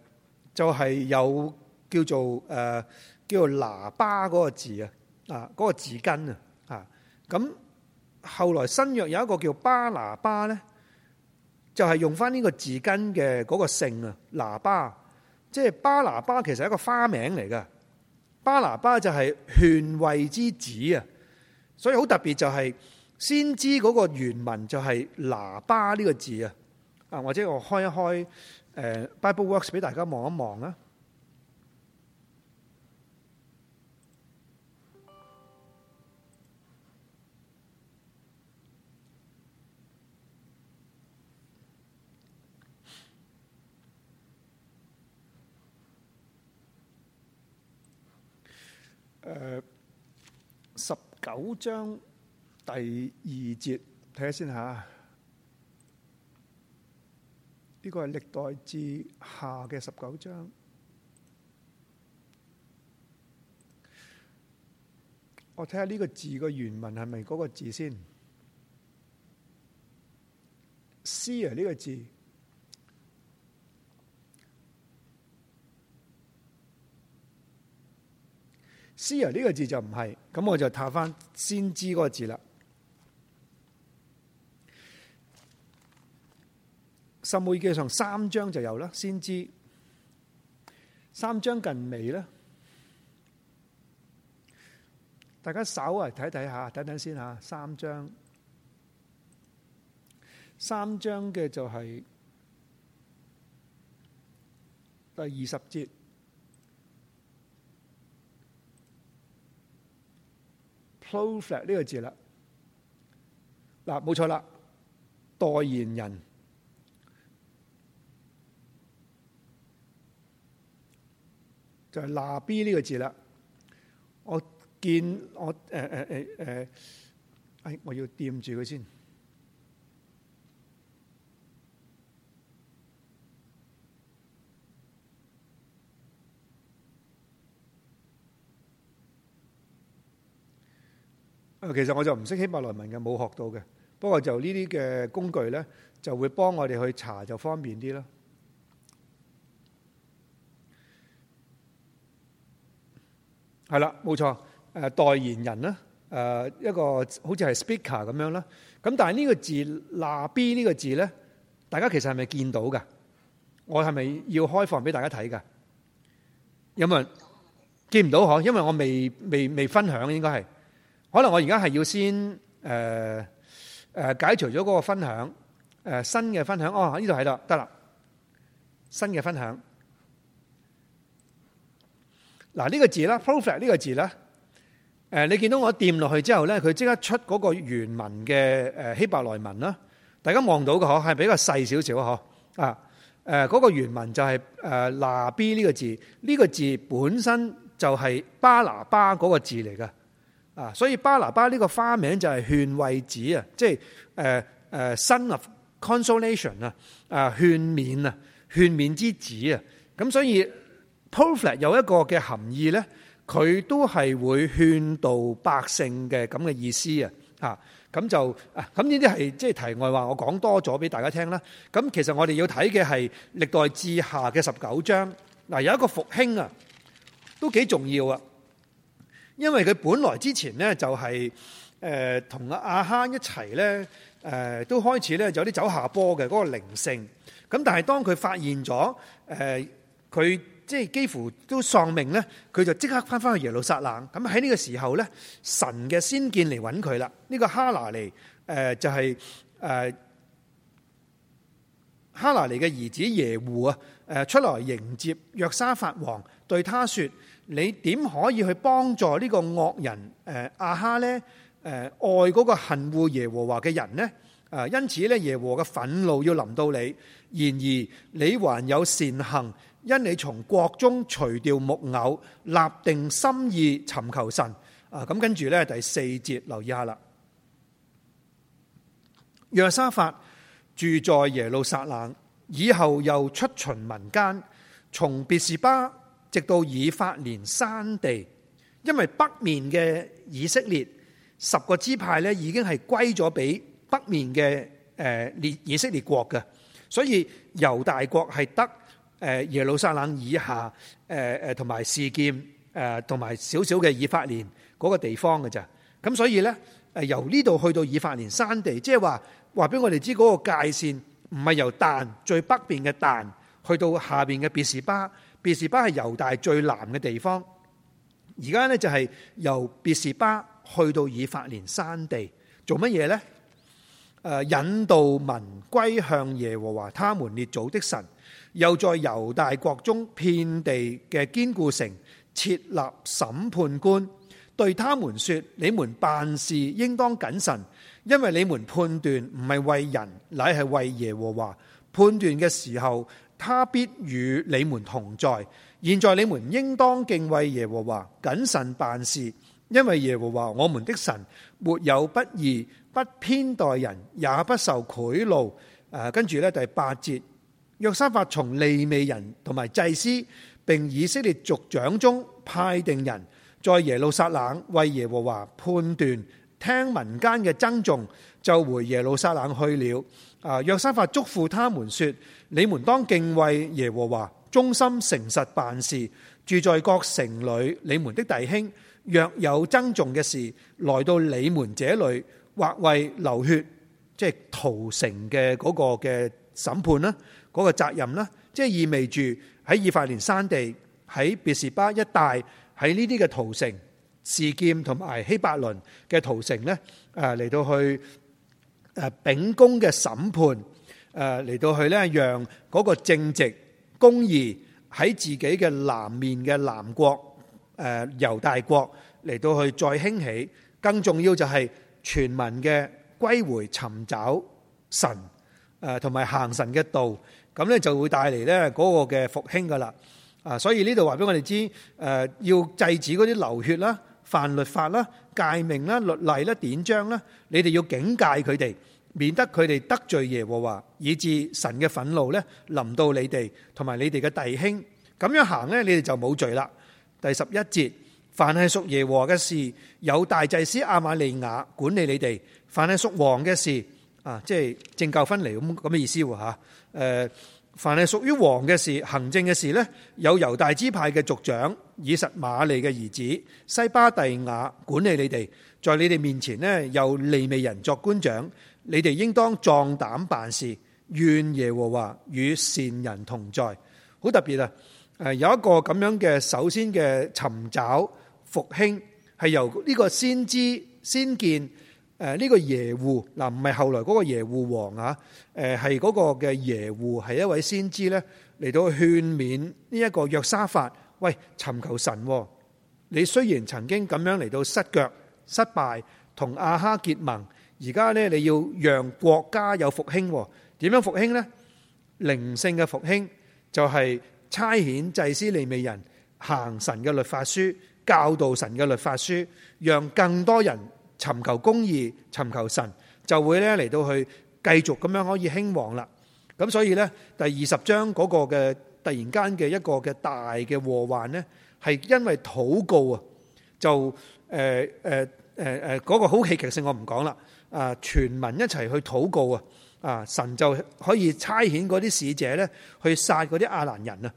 就係、是、有叫做誒、啊、叫做喇叭嗰個字啊。啊！嗰、那個字根啊，啊！咁後來新約有一個叫巴拿巴咧，就係、是、用翻呢個字根嘅嗰個姓啊，拿巴，即係巴拿巴其實係一個花名嚟㗎。巴拿巴就係勸慰之子啊，所以好特別就係先知嗰個原文就係拿巴呢個字啊，啊或者我開一開、啊、BibleWorks 俾大家望一望啊。誒十九章第二節，睇下先嚇。呢，這個係歷代志下嘅十九章。我睇下呢個字嘅原文係咪嗰個字先。思啊呢，這個字。知呢個字就唔係，咁我就查翻先知嗰個字啦。撒母耳記上三章就有啦，先知。三章近尾咧，大家稍為睇睇下，等等先吓。三章，三章嘅就係第二十節。close、這、呢個字了，嗱，冇錯了，代言人就係拿 B 呢個字了，我見我誒誒誒誒，哎我要掂住佢先。其實我就唔識希伯來文嘅，冇學到嘅。不過就呢啲嘅工具咧，就會幫我哋去查就方便啲囉。係啦，冇錯。誒、呃，代言人啦，誒、呃、一個好似係 speaker 咁樣啦。咁但係呢個字嗱、呃、B 呢個字咧，大家其實係咪見到㗎？我係咪要開放俾大家睇㗎？有冇人見唔到？嗬，因為我未未未分享應該係。可能我而家係要先，誒、呃、誒、呃、解除咗嗰個分享，誒、呃、新嘅分享，哦呢度喺度得啦，新嘅分享。嗱呢、這個字啦 prophet 呢個字啦，誒、呃、你見到我掂落去之後咧，佢即刻出嗰個原文嘅誒希伯來文啦，大家望到嘅嗬係比較細少少嗬啊，誒、呃、嗰、那個原文就係誒 na b 呢個字，呢、這個字本身就係巴拿巴嗰個字嚟嘅。啊，所以巴拿巴呢個花名就係勸慰子啊，即係誒誒 son of consolation 啊，啊勸勉啊，勸勉之子啊，咁所以 prophet 有一個嘅含義咧，佢都係會勸導百姓嘅咁嘅意思啊，嚇咁就咁呢啲係即係題外話，我講多咗俾大家聽啦。咁其實我哋要睇嘅係歷代志下嘅十九章，嗱有一個復興啊，都幾重要啊。因為佢本來之前呢、就是，就係誒同阿哈一齊呢，誒、呃、都開始呢，有啲走下坡嘅嗰個靈性，咁但係當佢發現咗誒佢即係幾乎都喪命呢，佢就即刻返返去耶路撒冷。咁喺呢個時候呢，神嘅先見嚟揾佢啦。呢、這個哈拿尼誒、呃、就係、是、誒、呃、哈拿尼嘅兒子耶戶啊誒出來迎接約沙法王，對他說。你點可以去幫助呢個惡人？誒、呃，阿、啊、哈呢誒、呃，愛嗰個恨惡耶和華嘅人呢？誒、呃，因此咧，耶和華嘅憤怒要臨到你。然而，你還有善行，因你從國中除掉木偶，立定心意尋求神。啊、呃，咁跟住咧第四節，留意下啦。約沙法住在耶路撒冷，以後又出巡民間，從別是巴，直到以法蓮山地，因為北面嘅以色列十個支派咧，已經係歸咗俾北面嘅誒列以色列國嘅，所以猶大國係得誒耶路撒冷以下誒誒同埋事件，誒同埋少少嘅以法蓮嗰個地方㗎咋，咁所以咧誒由呢度去到以法蓮山地，即係話話俾我哋知嗰，那個界線唔係由但最北邊嘅但去到下邊嘅別士巴。別是巴係猶大最南嘅地方，而家呢就係由別是巴去到以法蓮山地做乜嘢呢？誒，引導民歸向耶和華他們列祖的神，又在猶大國中遍地嘅堅固城設立審判官，對他們說：你們辦事應當謹慎，因為你們判斷唔係為人，乃係為耶和華判斷嘅時候。他必與你們同在。現在你們應當敬畏耶和華，謹慎辦事，因為耶和華我們的神沒有不義、不偏待人，也不受賄賂。誒、啊，跟住咧第八節。約沙法從利未人同埋祭司，並以色列族長中派定人，在耶路撒冷為耶和華判斷，聽民間嘅爭訟。就回耶路撒冷去了。啊，約沙法囑咐他們說：你們當敬畏耶和華，忠心誠實辦事。住在各城裏，你們的弟兄若有增重嘅事，來到你們這裏，或為流血，即係屠城嘅嗰個嘅審判啦，嗰、那個責任啦，即係意味住喺以法蓮山地、喺別士巴一帶、喺呢啲嘅屠城、事件，同埋希伯崙嘅屠城呢，誒嚟到去。誒，秉公嘅審判，誒嚟到去咧，讓嗰個正直公義喺自己嘅南面嘅南國，誒猶大國嚟到去再興起，更重要就係全民嘅歸回尋找神，誒同埋行神嘅道，咁咧就會帶嚟咧嗰個嘅復興噶啦。啊，所以呢度話俾我哋知，誒要制止嗰啲流血啦，犯律法啦。誡命啦、律例啦、典章啦，你哋要警戒佢哋，免得佢哋得罪耶和華，以致神嘅憤怒呢臨到你哋，同埋你哋嘅弟兄。咁樣行呢，你哋就冇罪啦。第十一節，凡係屬耶和華嘅事，有大祭司亞瑪利亞管理你哋；凡係屬王嘅事，啊，即係政教分離咁咁嘅意思喎吓。誒，凡係屬於王嘅事、行政嘅事呢，有猶大支派嘅族長。以實瑪利嘅兒子西巴第雅管理你哋，在你哋面前咧，由利未人作官長，你哋應當壯膽辦事，願耶和華與善人同在。好特別啊！誒，有一個咁樣嘅首先嘅尋找復興，係由呢個先知先見誒呢個耶戶嗱，唔係後來嗰個耶戶王啊，誒係嗰個嘅耶戶係一位先知咧，嚟到勸勉呢一個約沙法。喂，尋求神，哦。你雖然曾經咁樣嚟到失腳、失敗，同亞哈結盟，而家咧你要讓國家有復興，哦，點樣復興呢？靈性嘅復興就係差遣祭司利未人行神嘅律法書，教導神嘅律法書，讓更多人尋求公義、尋求神，就會咧嚟到去繼續咁樣可以興旺啦。咁所以呢，第二十章嗰個嘅。突然間嘅一個嘅大嘅禍患呢，係因為禱告啊，就誒誒誒誒嗰個好戲劇性，我唔講啦。啊，全民一齊去禱告啊，啊，神就可以差遣嗰啲使者呢，去殺嗰啲亞蘭人啊，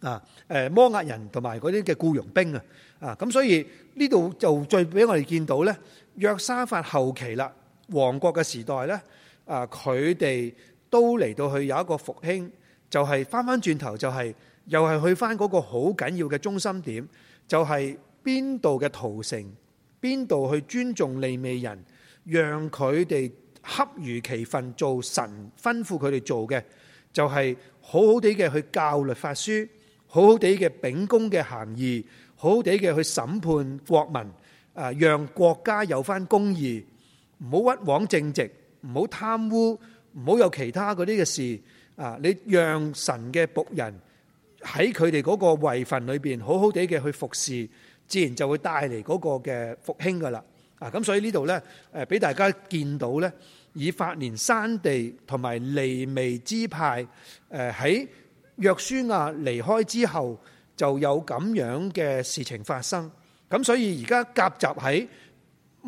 啊，誒摩押人同埋嗰啲嘅僱傭兵啊，啊，咁所以呢度就最俾我哋見到呢，約沙法後期啦，王國嘅時代呢，啊，佢哋都嚟到去有一個復興。就係翻翻轉頭，就係又係去翻嗰個好緊要嘅中心點，就係邊度嘅屠城，邊度去尊重利未人，讓佢哋恰如其分做神吩咐佢哋做嘅，就係好好地嘅去教律法書，好好地嘅秉公嘅行義，好好地嘅去審判國民，啊，讓國家有翻公義，唔好屈枉正直，唔好貪污，唔好有其他嗰啲嘅事。啊！你讓神嘅僕人喺佢哋嗰個位份裏邊好好地嘅去服侍，自然就會帶嚟嗰個嘅復興噶啦。啊！咁所以呢度呢，誒俾大家見到呢，以法蓮山地同埋利未支派誒喺約書亞離開之後就有咁樣嘅事情發生。咁所以而家夾雜喺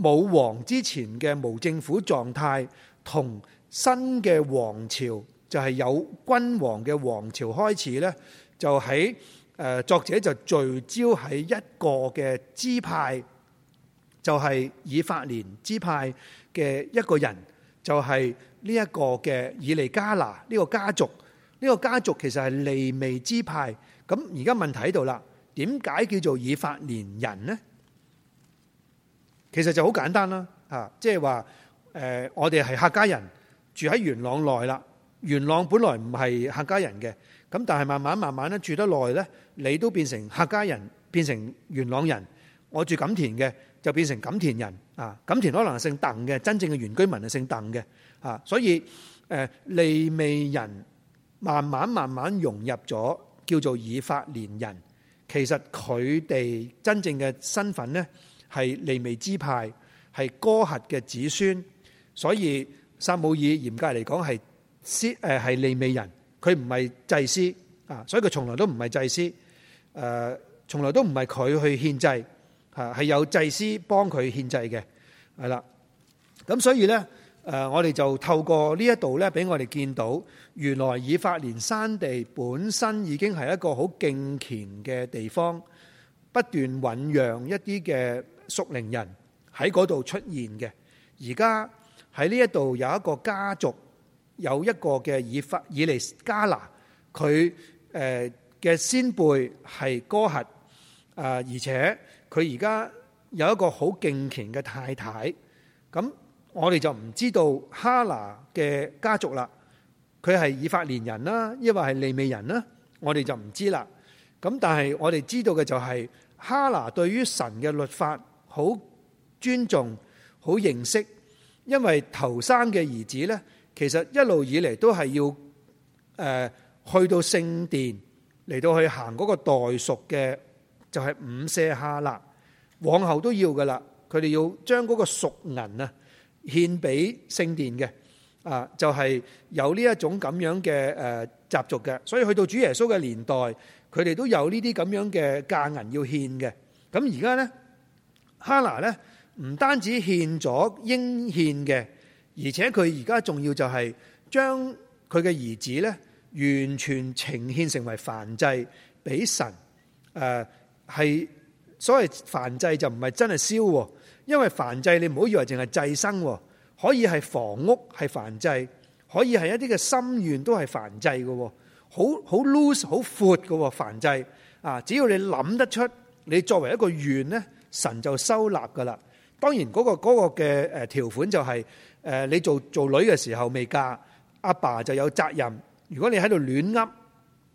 武王之前嘅無政府狀態同新嘅王朝。就係、是、有君王嘅王朝開始咧，就喺誒作者就聚焦喺一個嘅支派，就係、是、以法蓮支派嘅一個人，就係呢一個嘅以利加拿呢、這個家族，呢、這個家族其實係利未支派。咁而家問題喺度啦，點解叫做以法蓮人呢？其實就好簡單啦，嚇，即係話誒，我哋係客家人住喺元朗內啦。元朗本來唔係客家人嘅，咁但係慢慢慢慢咧住得耐咧，你都變成客家人，變成元朗人。我住錦田嘅就變成錦田人啊！錦田可能姓鄧嘅，真正嘅原居民係姓鄧嘅啊！所以誒利未人慢慢慢慢融入咗，叫做以法蓮人。其實佢哋真正嘅身份呢，係利未支派，係哥轄嘅子孫。所以撒母耳嚴格嚟講係。師，誒係利未人，佢唔係祭司啊，所以佢從來都唔係祭司誒、呃，從來都唔係佢去獻祭吓，係、呃、有祭司幫佢獻祭嘅係啦。咁所以呢，誒、呃，我哋就透過呢一度呢，俾我哋見到原來以法蓮山地本身已經係一個好敬虔嘅地方，不斷醞釀一啲嘅屬靈人喺嗰度出現嘅。而家喺呢一度有一個家族。有一個嘅以法以利加拿，佢誒嘅先輩係哥轄，啊，而且佢而家有一個好敬虔嘅太太。咁我哋就唔知道哈拿嘅家族啦，佢係以法蓮人啦，抑或係利未人啦，我哋就唔知啦。咁但係我哋知道嘅就係哈拿對於神嘅律法好尊重、好認識，因為頭生嘅兒子呢。其實一路以嚟都係要誒、呃、去到聖殿嚟到去行嗰個代贖嘅，就係、是、五舍哈拿，往後都要㗎喇。佢哋要將嗰個贖銀啊獻俾聖殿嘅，啊、呃、就係、是、有呢一種咁樣嘅誒習俗嘅。所以去到主耶穌嘅年代，佢哋都有呢啲咁樣嘅價銀要獻嘅。咁而家呢，哈拿呢唔單止獻咗應獻嘅。而且佢而家重要就係將佢嘅兒子咧，完全呈現成為燔祭俾神。呃、係所謂燔祭就唔係真係燒，因為燔祭你唔好以為淨係祭牲，可以係房屋係燔祭，可以係一啲嘅心願都係燔祭嘅。好好 lose 好闊嘅燔祭啊！只要你諗得出，你作為一個願咧，神就收納㗎喇。當然嗰個嗰個嘅誒條款就係。誒，你做做女嘅時候未嫁，阿爸就有責任。如果你喺度亂噏，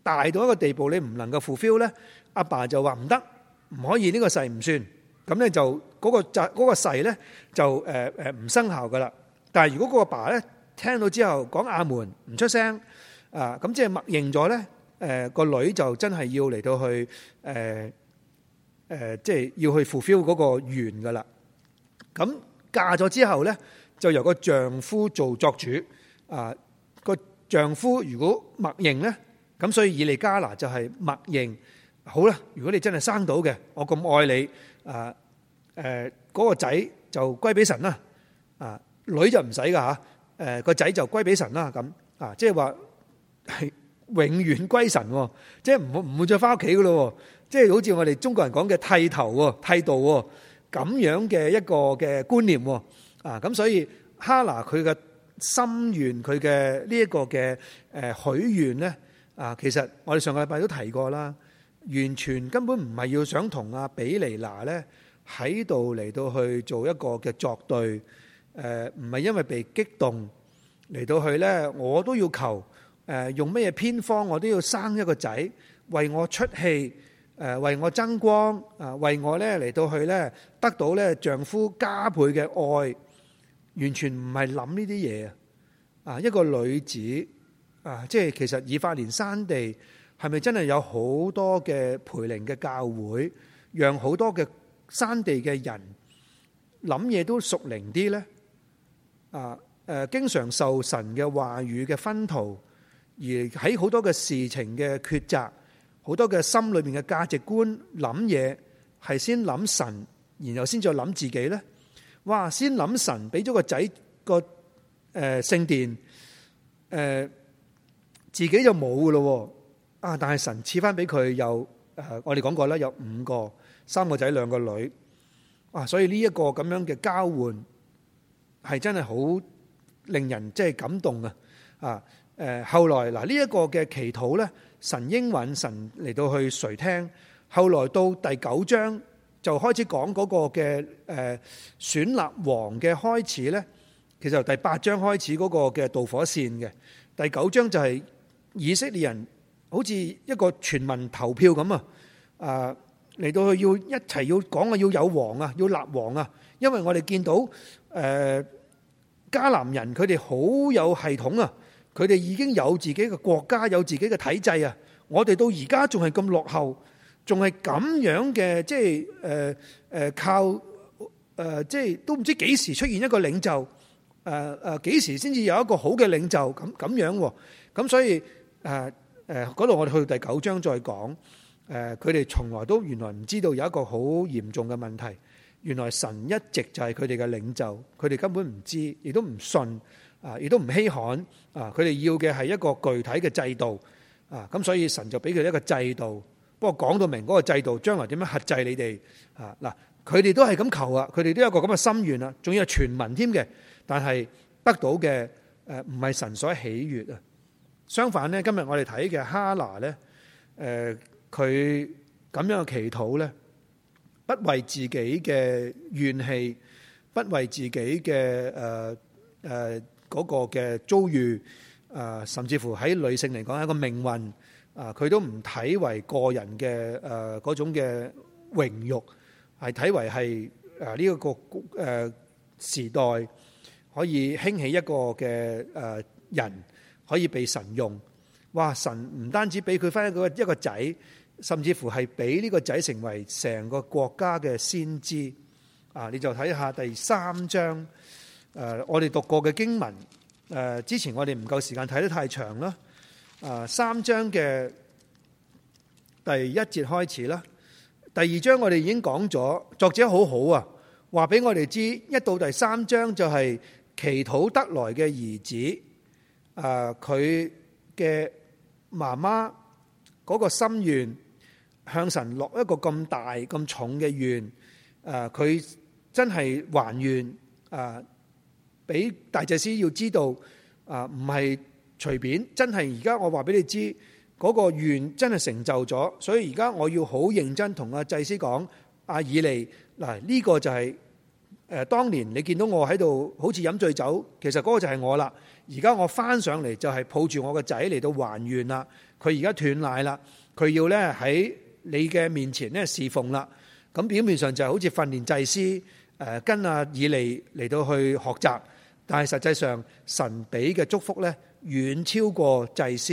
大到一個地步，你唔能夠 fulfill 咧，阿爸就話唔得，唔可以，呢個誓唔算。咁咧就嗰個責嗰個誓咧就誒誒唔生效噶啦。但係如果嗰個爸咧聽到之後講阿門唔出聲啊，咁即係默認咗咧，誒個女就真係要嚟到去誒誒、呃呃，即係要去 fulfill 嗰個願噶啦。咁嫁咗之後咧，就由個丈夫做作主。啊，咁所以哈拿佢嘅心願，佢嘅呢一個嘅誒許願咧，啊，其實我哋上個禮拜都提過啦，完全根本唔係要想同阿比尼娜呢喺度嚟到去做一個嘅作對，誒唔係因為被激動嚟到去呢，我都要求誒、啊、用咩嘢偏方，我都要生一個仔，為我出氣，誒、啊、為我爭光，啊為我呢嚟到去呢得到呢丈夫加倍嘅愛。完全唔係諗呢啲嘢啊！啊，一個女子啊，即係其實以法蓮山地係咪真係有好多嘅培靈嘅教會，讓好多嘅山地嘅人諗嘢都熟靈啲呢？啊誒、啊，經常受神嘅話語嘅熏陶，而喺好多嘅事情嘅抉擇，好多嘅心裏面嘅價值觀諗嘢，係先諗神，然後先再諗自己呢？哇！先諗神俾咗個仔個誒聖殿，誒自己就冇噶咯，啊！但係神賜翻俾佢有誒，我哋講過啦，有五個三個仔兩個女，啊！所以呢一個咁樣嘅交換係真係好令人即係感動啊！啊誒，後來嗱呢一個嘅祈禱咧，神應允神嚟到去垂聽，後來到第九章。就開始講嗰個嘅誒、呃、選立王嘅開始呢，其實由第八章開始嗰個嘅導火線嘅，第九章就係以色列人好似一個全民投票咁啊！啊，嚟到去要一齊要講啊，要有王啊，要立王啊，因為我哋見到誒、呃、迦南人佢哋好有系統啊，佢哋已經有自己嘅國家，有自己嘅體制啊，我哋到而家仲係咁落後。仲係咁樣嘅，即係誒誒，靠誒，即係都唔知幾時出現一個領袖誒誒，幾時先至有一個好嘅領袖咁咁樣喎。咁所以誒誒，嗰度我哋去到第九章再講。誒，佢哋從來都原來唔知道有一個好嚴重嘅問題，原來神一直就係佢哋嘅領袖，佢哋根本唔知，亦都唔信，啊，亦都唔稀罕，啊，佢哋要嘅係一個具體嘅制度，啊，咁所以神就俾佢一個制度。不過講到明嗰個制度，將來點樣克制你哋？吓、啊、嗱，佢哋都係咁求啊，佢哋都有個咁嘅心願啊，仲要有傳聞添嘅，但係得到嘅誒唔係神所喜悅啊。相反呢，今日我哋睇嘅哈拿咧，誒佢咁樣嘅祈禱咧，不為自己嘅怨氣，不為自己嘅誒誒嗰個嘅遭遇，誒、呃、甚至乎喺女性嚟講係一個命運。啊！佢都唔睇為個人嘅誒嗰種嘅榮辱，係睇為係誒呢一個誒時代可以興起一個嘅誒人可以被神用。哇！神唔單止俾佢返一個一個仔，甚至乎係俾呢個仔成為成個國家嘅先知。啊！你就睇下第三章誒，我哋讀過嘅經文誒，之前我哋唔夠時間睇得太長啦。啊，三章嘅第一節開始啦。第二章我哋已經講咗，作者好好啊，話俾我哋知。一到第三章就係祈禱得來嘅兒子。啊，佢嘅媽媽嗰個心願，向神落一個咁大咁重嘅願。誒、啊，佢真係還願。誒、啊，俾大祭司要知道。啊，唔係。隨便，真係而家我話俾你知嗰個願真係成就咗，所以而家我要好認真同阿祭司講阿以利嗱，呢個就係誒，當年你見到我喺度好似飲醉酒，其實嗰個就係我啦。而家我翻上嚟就係抱住我個仔嚟到還願啦。佢而家斷奶啦，佢要咧喺你嘅面前咧侍奉啦。咁表面上就好似訓練祭司誒，跟阿以利嚟到去學習，但係實際上神俾嘅祝福咧。遠超過祭司，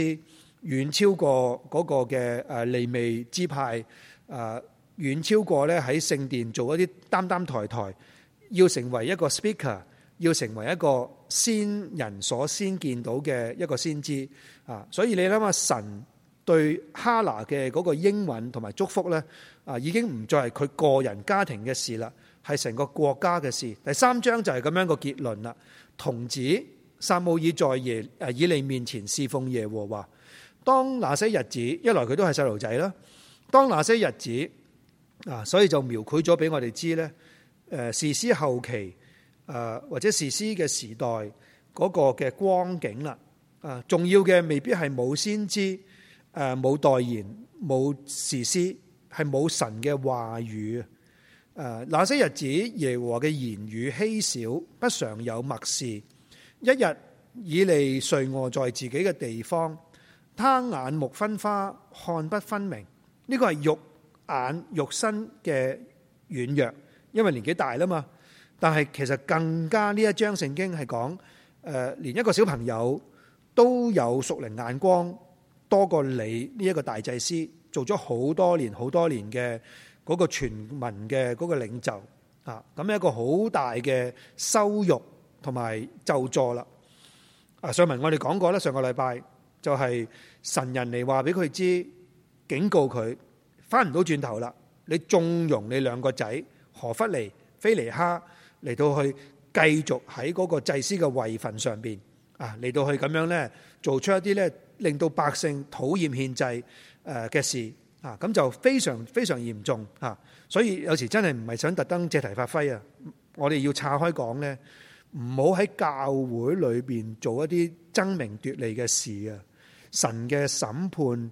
遠超過嗰個嘅誒利未支派，誒遠超過咧喺聖殿做一啲擔擔抬抬，要成為一個 speaker，要成為一個先人所先見到嘅一個先知啊！所以你諗下，神對哈拿嘅嗰個應允同埋祝福咧啊，已經唔再係佢個人家庭嘅事啦，係成個國家嘅事。第三章就係咁樣一個結論啦，童子。撒母耳在耶以利面前侍奉耶和華。當那些日子，一來佢都係細路仔啦。當那些日子啊，所以就描繪咗俾我哋知咧。誒，士師後期誒，或者士師嘅時代嗰、那個嘅光景啦。啊，重要嘅未必係冇先知誒，冇代言，冇士師，係冇神嘅話語。誒，那些日子耶和華嘅言語稀少，不常有默示。一日以利睡臥在自己嘅地方，他眼目昏花，看不分明。呢、這個係肉眼、肉身嘅軟弱，因為年紀大啦嘛。但係其實更加呢一章聖經係講，誒、呃，連一個小朋友都有屬靈眼光多過你呢一個大祭司做咗好多年、好多年嘅嗰個全民嘅嗰個領袖啊，咁一個好大嘅羞辱。同埋就座啦！啊，上文我哋講過咧，上個禮拜就係神人嚟話俾佢知，警告佢翻唔到轉頭啦！你縱容你兩個仔何弗尼、非尼哈嚟到去繼續喺嗰個祭司嘅位份上邊啊，嚟到去咁樣呢，做出一啲呢令到百姓討厭獻祭誒嘅事啊！咁就非常非常嚴重啊！所以有時真係唔係想特登借題發揮啊！我哋要岔開講呢。唔好喺教會裏邊做一啲爭名奪利嘅事啊！神嘅審判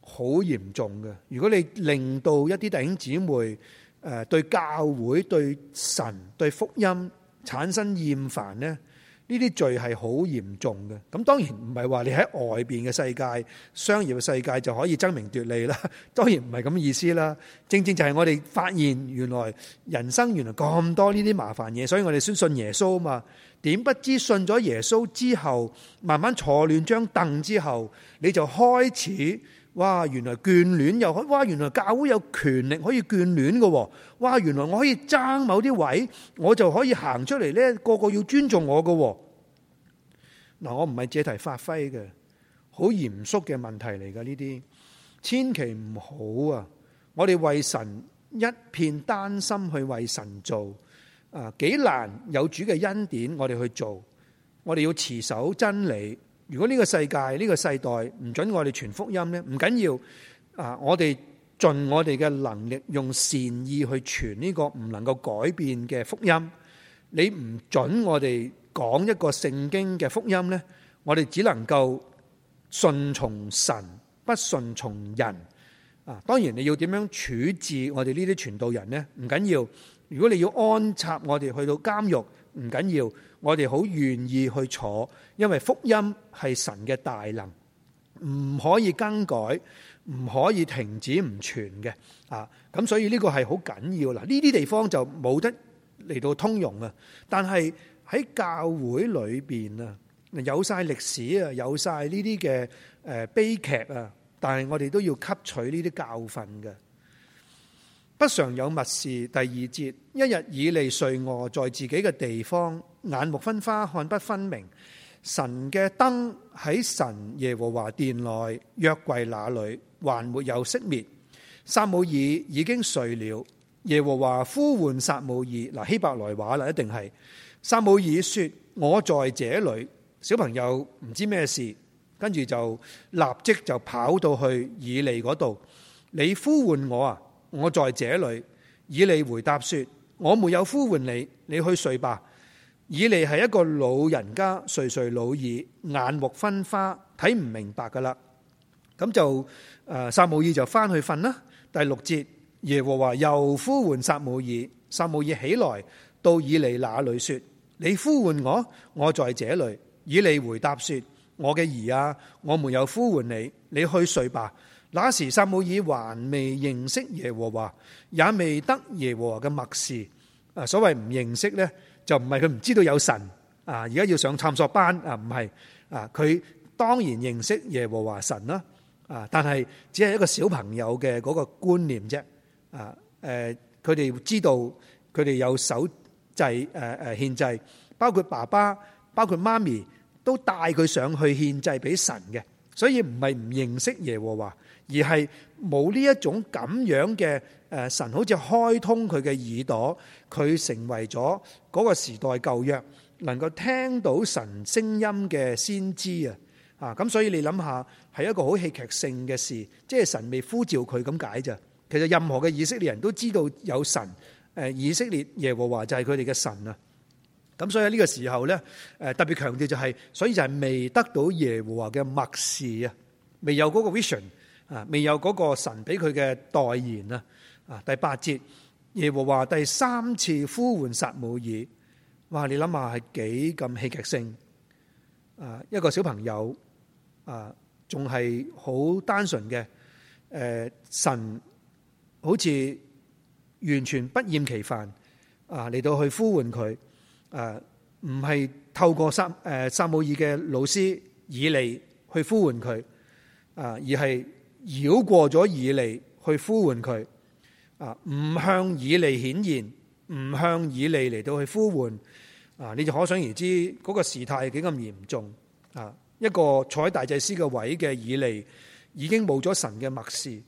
好嚴重嘅。如果你令到一啲弟兄姊妹誒對教會、對神、對福音產生厭煩呢。呢啲罪係好嚴重嘅，咁當然唔係話你喺外面嘅世界、商業嘅世界就可以爭名奪利啦。當然唔係咁嘅意思啦。正正就係我哋發現原來人生原來咁多呢啲麻煩嘢，所以我哋先信耶穌啊嘛。點不知信咗耶穌之後，慢慢坐亂張凳之後，你就開始。哇！原來眷戀又可，哇！原來教會有權力可以眷戀嘅喎，哇！原來我可以爭某啲位，我就可以行出嚟咧，個個要尊重我嘅喎。嗱，我唔係借題發揮嘅，好嚴肅嘅問題嚟嘅。呢啲千祈唔好啊！我哋為神一片丹心去為神做，啊，幾難有主嘅恩典，我哋去做，我哋要持守真理。如果呢個世界呢個世代唔准我哋傳福音咧，唔緊要啊！我哋盡我哋嘅能力，用善意去傳呢個唔能夠改變嘅福音。你唔准我哋講一個聖經嘅福音咧，我哋只能夠順從神，不順從人啊！當然你要點樣處置我哋呢啲傳道人咧？唔緊要。如果你要安插我哋去到監獄，唔緊要。我哋好願意去坐，因為福音係神嘅大能，唔可以更改，唔可以停止不傳的，唔傳嘅啊！咁所以呢個係好緊要啦。呢啲地方就冇得嚟到通融啊。但係喺教會裏邊啊，有晒歷史啊，有晒呢啲嘅誒悲劇啊，但係我哋都要吸取呢啲教訓嘅。不常有默示，第二節，一日以利睡臥在自己嘅地方。眼目昏花，看不分明。神嘅燈喺神耶和華殿內約櫃那裏還沒有熄滅。撒母耳已經睡了。耶和華呼喚撒母耳，嗱希伯來話啦，一定係撒母耳說我在這裏。小朋友唔知咩事，跟住就立即就跑到去以利嗰度。你呼喚我啊，我在這裏。以利回答說我沒有呼喚你，你去睡吧。以利係一個老人家，垂垂老矣，眼目昏花，睇唔明白噶啦。咁就誒，撒母耳就翻去瞓啦。第六節，耶和華又呼喚撒母耳，撒母耳起來到以利那裡說：你呼喚我，我在這裡。以利回答說：我嘅兒啊，我沒有呼喚你，你去睡吧。那時撒母耳還未認識耶和華，也未得耶和華嘅默示。所謂唔認識呢。就唔係佢唔知道有神啊！而家要上探索班啊，唔係啊，佢當然認識耶和華神啦啊！但係只係一個小朋友嘅嗰個觀念啫啊！誒，佢哋知道佢哋有守祭誒誒獻祭，包括爸爸、包括媽咪都帶佢上去獻祭俾神嘅，所以唔係唔認識耶和華。而係冇呢一種咁樣嘅誒，神好似開通佢嘅耳朵，佢成為咗嗰個時代舊約能夠聽到神聲音嘅先知啊！啊，咁所以你諗下，係一個好戲劇性嘅事，即係神未呼召佢咁解咋？其實任何嘅以色列人都知道有神，誒，以色列耶和華就係佢哋嘅神啊！咁所以呢個時候呢，誒特別強調就係，所以就係未得到耶和華嘅默示啊，未有嗰個 vision。啊！未有嗰個神俾佢嘅代言啊！啊，第八節，耶和華第三次呼喚撒母耳，哇！你諗下係幾咁戲劇性啊！一個小朋友啊，仲係好單純嘅，誒，神好似完全不厭其煩啊，嚟到去呼喚佢啊，唔係透過撒誒撒母耳嘅老師以嚟去呼喚佢啊，而係。繞過咗以利去呼喚佢，啊，唔向以利顯現，唔向以利嚟到去呼喚，啊，你就可想而知嗰、那個事態係幾咁嚴重，啊，一個坐喺大祭司嘅位嘅以利已經冇咗神嘅默示，誒、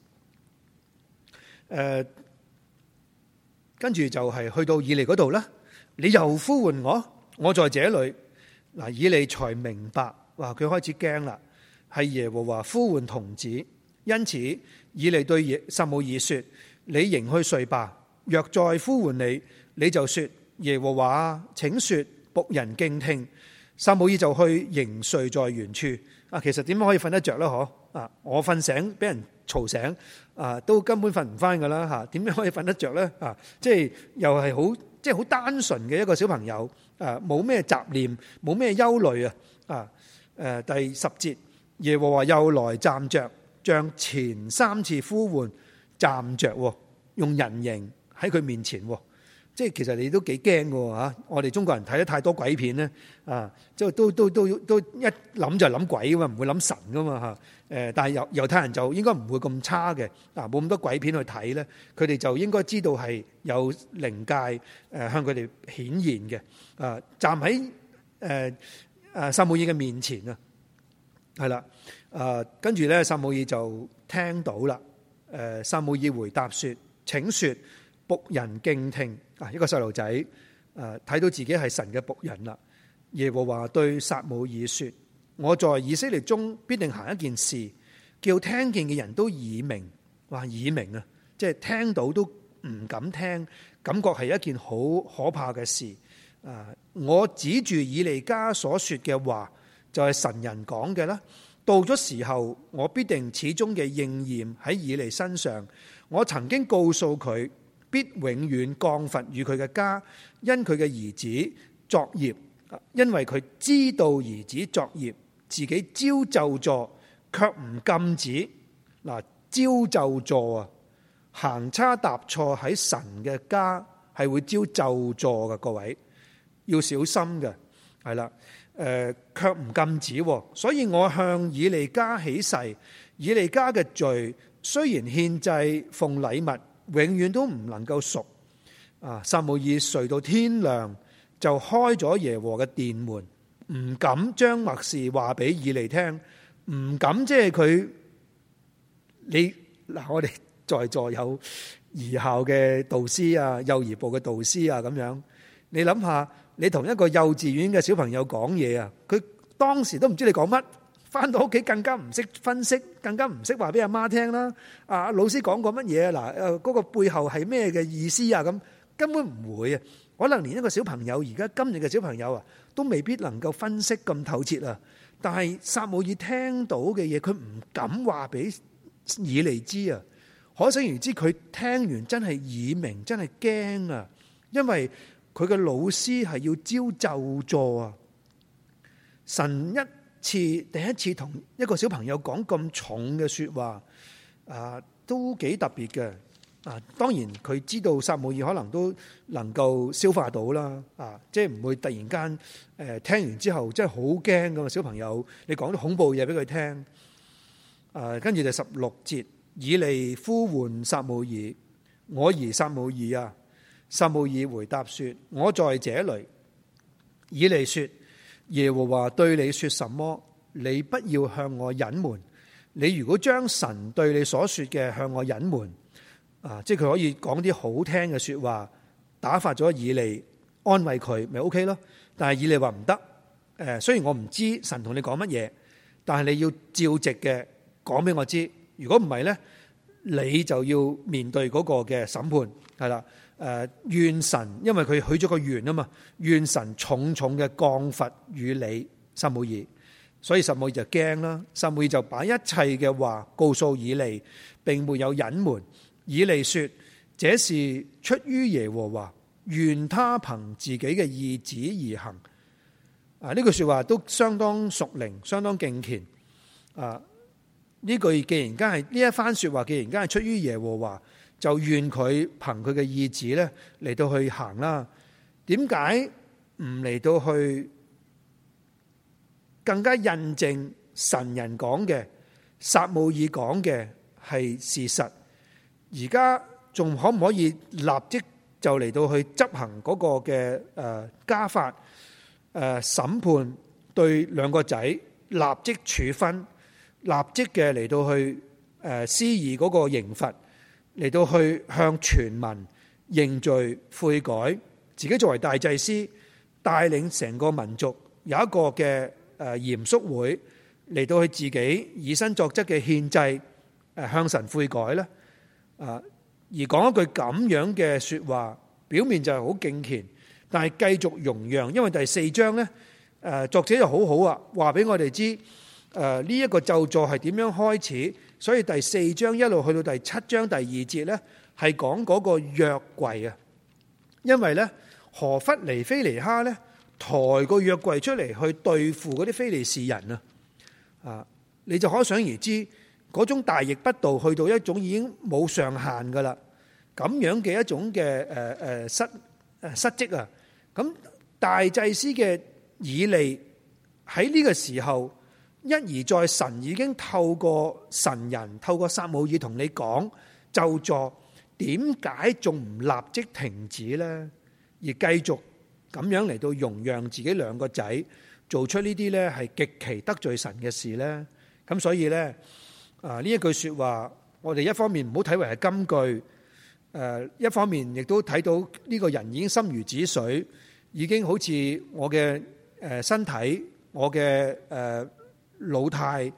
呃，跟住就係去到以利嗰度啦，你又呼喚我，我在這裏，嗱，以利才明白，哇，佢開始驚啦，係耶和華呼喚童子。因此，以利對撒母耳說：你仍去睡吧。若再呼喚你，你就說：耶和華，請説僕人敬聽。撒母耳就去仍睡在原處。啊，其實點樣可以瞓得着呢？嗬，啊，我瞓醒俾人嘈醒，啊，都根本瞓唔翻噶啦嚇。點樣可以瞓得着呢？啊，即係又係好即係好單純嘅一個小朋友，啊，冇咩雜念，冇咩憂慮啊。啊，誒第十節，耶和華又來站着。像前三次呼喚站着，用人形喺佢面前，即係其實你都幾驚嘅嚇。我哋中國人睇得太多鬼片咧，啊，即係都都都都一諗就諗鬼啊嘛，唔會諗神嘅嘛嚇。誒，但係猶猶太人就應該唔會咁差嘅，啊，冇咁多鬼片去睇咧，佢哋就應該知道係有靈界誒向佢哋顯現嘅。啊，站喺誒啊撒母耳嘅面前啊！係啦，誒，跟住咧，撒母耳就聽到啦。誒，撒母耳回答說：請說，僕人敬聽。啊，一個細路仔，誒，睇到自己係神嘅僕人啦。耶和華對撒母耳說：我在以色列中必定行一件事，叫聽見嘅人都耳鳴。話耳鳴啊，即係聽到都唔敢聽，感覺係一件好可怕嘅事。啊，我指住以利家所說嘅話。就係、是、神人講嘅啦，到咗時候我必定始終嘅應驗喺以利身上。我曾經告訴佢，必永遠降罰與佢嘅家，因佢嘅兒子作孽，因為佢知道兒子作孽，自己招咒詛，却唔禁止。嗱，招咒詛啊，行差踏錯喺神嘅家係會招咒詛嘅，各位要小心嘅，係啦。誒，卻唔禁止，所以我向以利家起誓，以利家嘅罪雖然獻祭、奉禮物，永遠都唔能夠贖。啊，撒母耳睡到天亮就開咗耶和嘅殿門，唔敢將默示話俾以利聽，唔敢即係佢，你嗱，我哋在座有兒校嘅導師啊，幼兒部嘅導師啊，咁樣，你諗下。你同一個幼稚園嘅小朋友講嘢啊，佢當時都唔知你講乜，翻到屋企更加唔識分析，更加唔識話俾阿媽聽啦。啊，老師講過乜嘢啊？嗱，誒嗰個背後係咩嘅意思啊？咁根本唔會啊，可能連一個小朋友而家今日嘅小朋友啊，都未必能夠分析咁透徹啊。但係撒母耳聽到嘅嘢，佢唔敢話俾以利知啊。可想而知，佢聽完真係耳鳴，真係驚啊，因為。佢嘅老師係要招就助啊！神一次第一次同一個小朋友講咁重嘅說話，啊，都幾特別嘅啊！當然佢知道撒母耳可能都能夠消化到啦，啊，即係唔會突然間誒、啊、聽完之後真係好驚噶嘛！小朋友，你講啲恐怖嘢俾佢聽，啊，跟住就十六節以利呼喚撒母耳，我兒撒母耳啊！撒母耳回答說：我在這裏。以利說：耶和華對你說什麼，你不要向我隱瞞。你如果將神對你所說嘅向我隱瞞，啊，即係佢可以講啲好聽嘅說話，打發咗以利安慰佢，咪 OK 咯。但係以利話唔得，誒、呃，雖然我唔知神同你講乜嘢，但係你要照直嘅講俾我知。如果唔係咧，你就要面對嗰個嘅審判，係啦。誒，願神，因為佢許咗個願啊嘛，願神重重嘅降罰與你，撒母耳，所以撒母耳就驚啦，撒母耳就把一切嘅話告訴以利，並沒有隱瞞。以利說：這是出於耶和華，願他憑自己嘅意旨而行。啊，呢句說話都相當屬靈，相當敬虔。啊，呢句既然梗係呢一番說話，既然梗係出於耶和華。就願佢憑佢嘅意志咧嚟到去行啦？點解唔嚟到去更加印證神人講嘅、撒母耳講嘅係事實？而家仲可唔可以立即就嚟到去執行嗰個嘅誒家法、誒審判，對兩個仔立即處分，立即嘅嚟到去誒施以嗰個刑罰？嚟到去向全民認罪悔改，自己作為大祭司帶領成個民族有一個嘅誒嚴肅會嚟到去自己以身作則嘅獻祭誒向神悔改咧啊！而講一句咁樣嘅說話，表面就係好敬虔，但係繼續容讓，因為第四章咧誒作者就很好好啊，話俾我哋知誒呢一個奏助係點樣開始。所以第四章一路去到第七章第二節呢，係講嗰個約櫃啊。因為呢，何弗尼菲尼哈呢抬個約櫃出嚟去對付嗰啲非利士人啊，啊你就可想而知嗰種大逆不道去到一種已經冇上限噶啦，咁樣嘅一種嘅誒誒失誒失職啊。咁大祭司嘅以利喺呢個時候。一而再，神已經透過神人，透過撒母耳同你講就坐，點解仲唔立即停止呢？而繼續咁樣嚟到容讓自己兩個仔做出呢啲呢係極其得罪神嘅事呢？咁所以呢，啊呢一句說話，我哋一方面唔好睇為係金句，誒，一方面亦都睇到呢個人已經心如止水，已經好似我嘅誒身體，我嘅誒。呃老太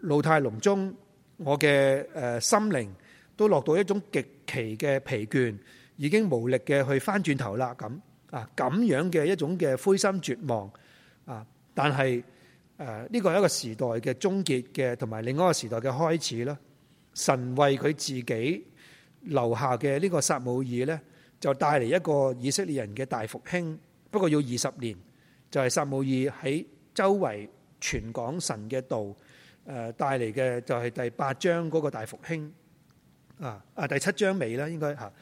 老態龍鍾，我嘅誒心靈都落到一種極其嘅疲倦，已經無力嘅去翻轉頭啦咁啊，咁樣嘅一種嘅灰心絕望啊！但係誒呢個係一個時代嘅終結嘅，同埋另外一個時代嘅開始啦。神為佢自己留下嘅呢個撒母耳咧，就帶嚟一個以色列人嘅大復興，不過要二十年，就係、是、撒母耳喺周圍。傳講神嘅道，誒帶嚟嘅就係第八章嗰個大復興，啊啊第七章尾啦應該吓，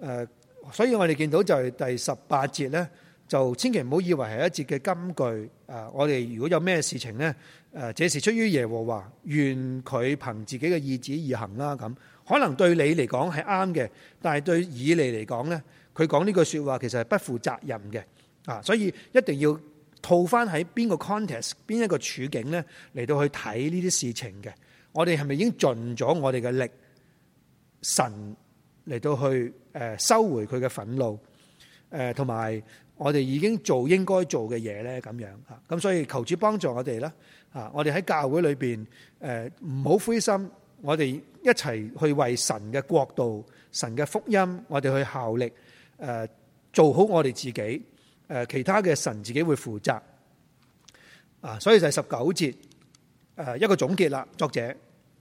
誒、啊、所以我哋見到就係第十八節咧，就千祈唔好以為係一節嘅金句，誒、啊、我哋如果有咩事情呢？誒、啊、這事出於耶和華，願佢憑自己嘅意志而行啦咁，可能對你嚟講係啱嘅，但係對以利嚟講呢，佢講呢句說話其實係不負責任嘅，啊所以一定要。套返喺邊個 context，邊一個處境咧，嚟到去睇呢啲事情嘅，我哋係咪已經盡咗我哋嘅力，神嚟到去誒收回佢嘅憤怒，誒同埋我哋已經做應該做嘅嘢咧，咁樣吓，咁所以求主幫助我哋啦，吓，我哋喺教會裏邊誒唔好灰心，我哋一齊去為神嘅國度、神嘅福音，我哋去效力，誒、呃、做好我哋自己。誒，其他嘅神自己會負責啊，所以就係十九節誒一個總結啦。作者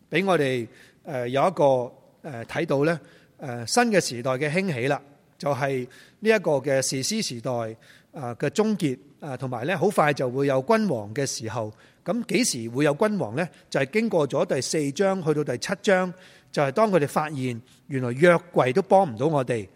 俾我哋誒有一個誒睇到咧誒新嘅時代嘅興起啦，就係呢一個嘅士師時代啊嘅終結啊，同埋咧好快就會有君王嘅時候。咁幾時會有君王咧？就係經過咗第四章去到第七章，就係當佢哋發現原來約櫃都幫唔到我哋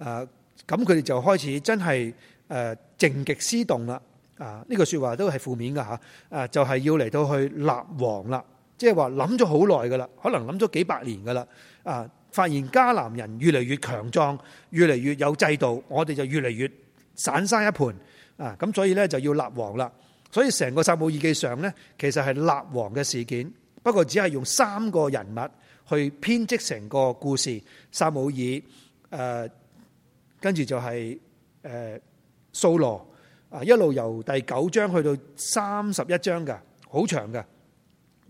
誒，咁佢哋就開始真係。誒靜極思動啦，啊、這、呢個說話都係負面㗎。嚇，啊就係、是、要嚟到去立王啦，即係話諗咗好耐㗎啦，可能諗咗幾百年㗎啦，啊發現迦南人越嚟越強壯，越嚟越有制度，我哋就越嚟越散沙一盤，啊咁所以咧就要立王啦，所以成個撒母耳記上咧其實係立王嘅事件，不過只係用三個人物去編織成個故事，撒母耳誒跟住就係、是、誒。呃掃羅啊，一路由第九章去到三十一章嘅，好長嘅。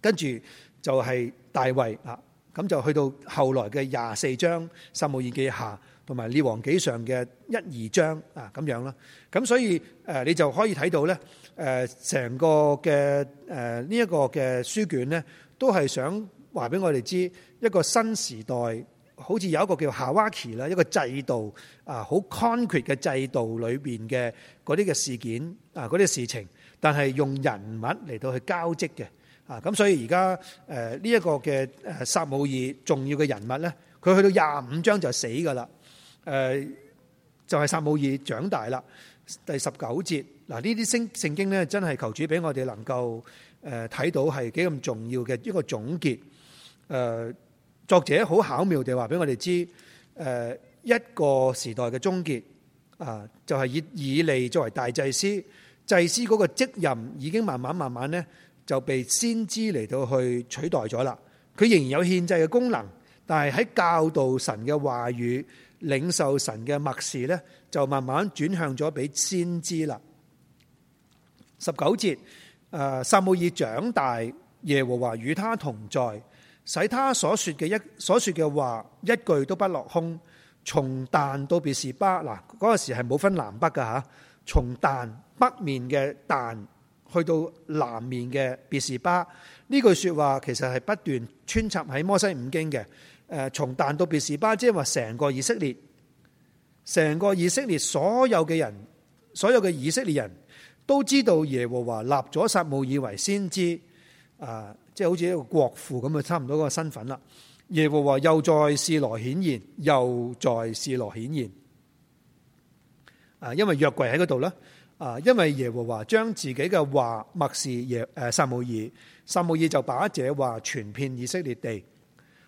跟住就係大衛啊，咁就去到後來嘅廿四章《撒母耳記下》同埋《列王紀上》嘅一、二章啊，咁樣啦。咁所以誒，你就可以睇到咧，誒，成個嘅誒呢一個嘅書卷咧，都係想話俾我哋知一個新時代。好似有一個叫夏娃奇啦，一個制度啊，好 concrete 嘅制度裏邊嘅嗰啲嘅事件啊，嗰啲事情，但係用人物嚟到去交織嘅啊。咁所以而家誒呢一個嘅誒撒母耳重要嘅人物咧，佢去到廿五章就死噶啦，誒就係撒母耳長大啦，第十九節嗱，呢啲聖聖經咧真係求主俾我哋能夠誒睇到係幾咁重要嘅一個總結誒。作者好巧妙地話俾我哋知，誒，一個時代嘅終結啊，就係、是、以以利作為大祭司，祭司嗰個職任已經慢慢慢慢呢就被先知嚟到去取代咗啦。佢仍然有獻祭嘅功能，但係喺教導神嘅話語、領受神嘅默示呢，就慢慢轉向咗俾先知啦。十九節，誒，撒母耳長大，耶和華與他同在。使他所說嘅一所說嘅話一句都不落空，從但到別是巴嗱，嗰個時係冇分南北噶吓，從但北面嘅但去到南面嘅別是巴，呢句說話其實係不斷穿插喺摩西五經嘅，誒，從但到別是巴，即係話成個以色列，成個以色列所有嘅人，所有嘅以色列人都知道耶和華立咗撒母耳為先知。啊，即係好似一個國父咁啊，差唔多嗰個身份啦。耶和華又在示羅顯現，又在示羅顯現。啊，因為約櫃喺嗰度啦。啊，因為耶和華將自己嘅話默示耶誒撒母耳，撒母耳就把這話傳遍以色列地。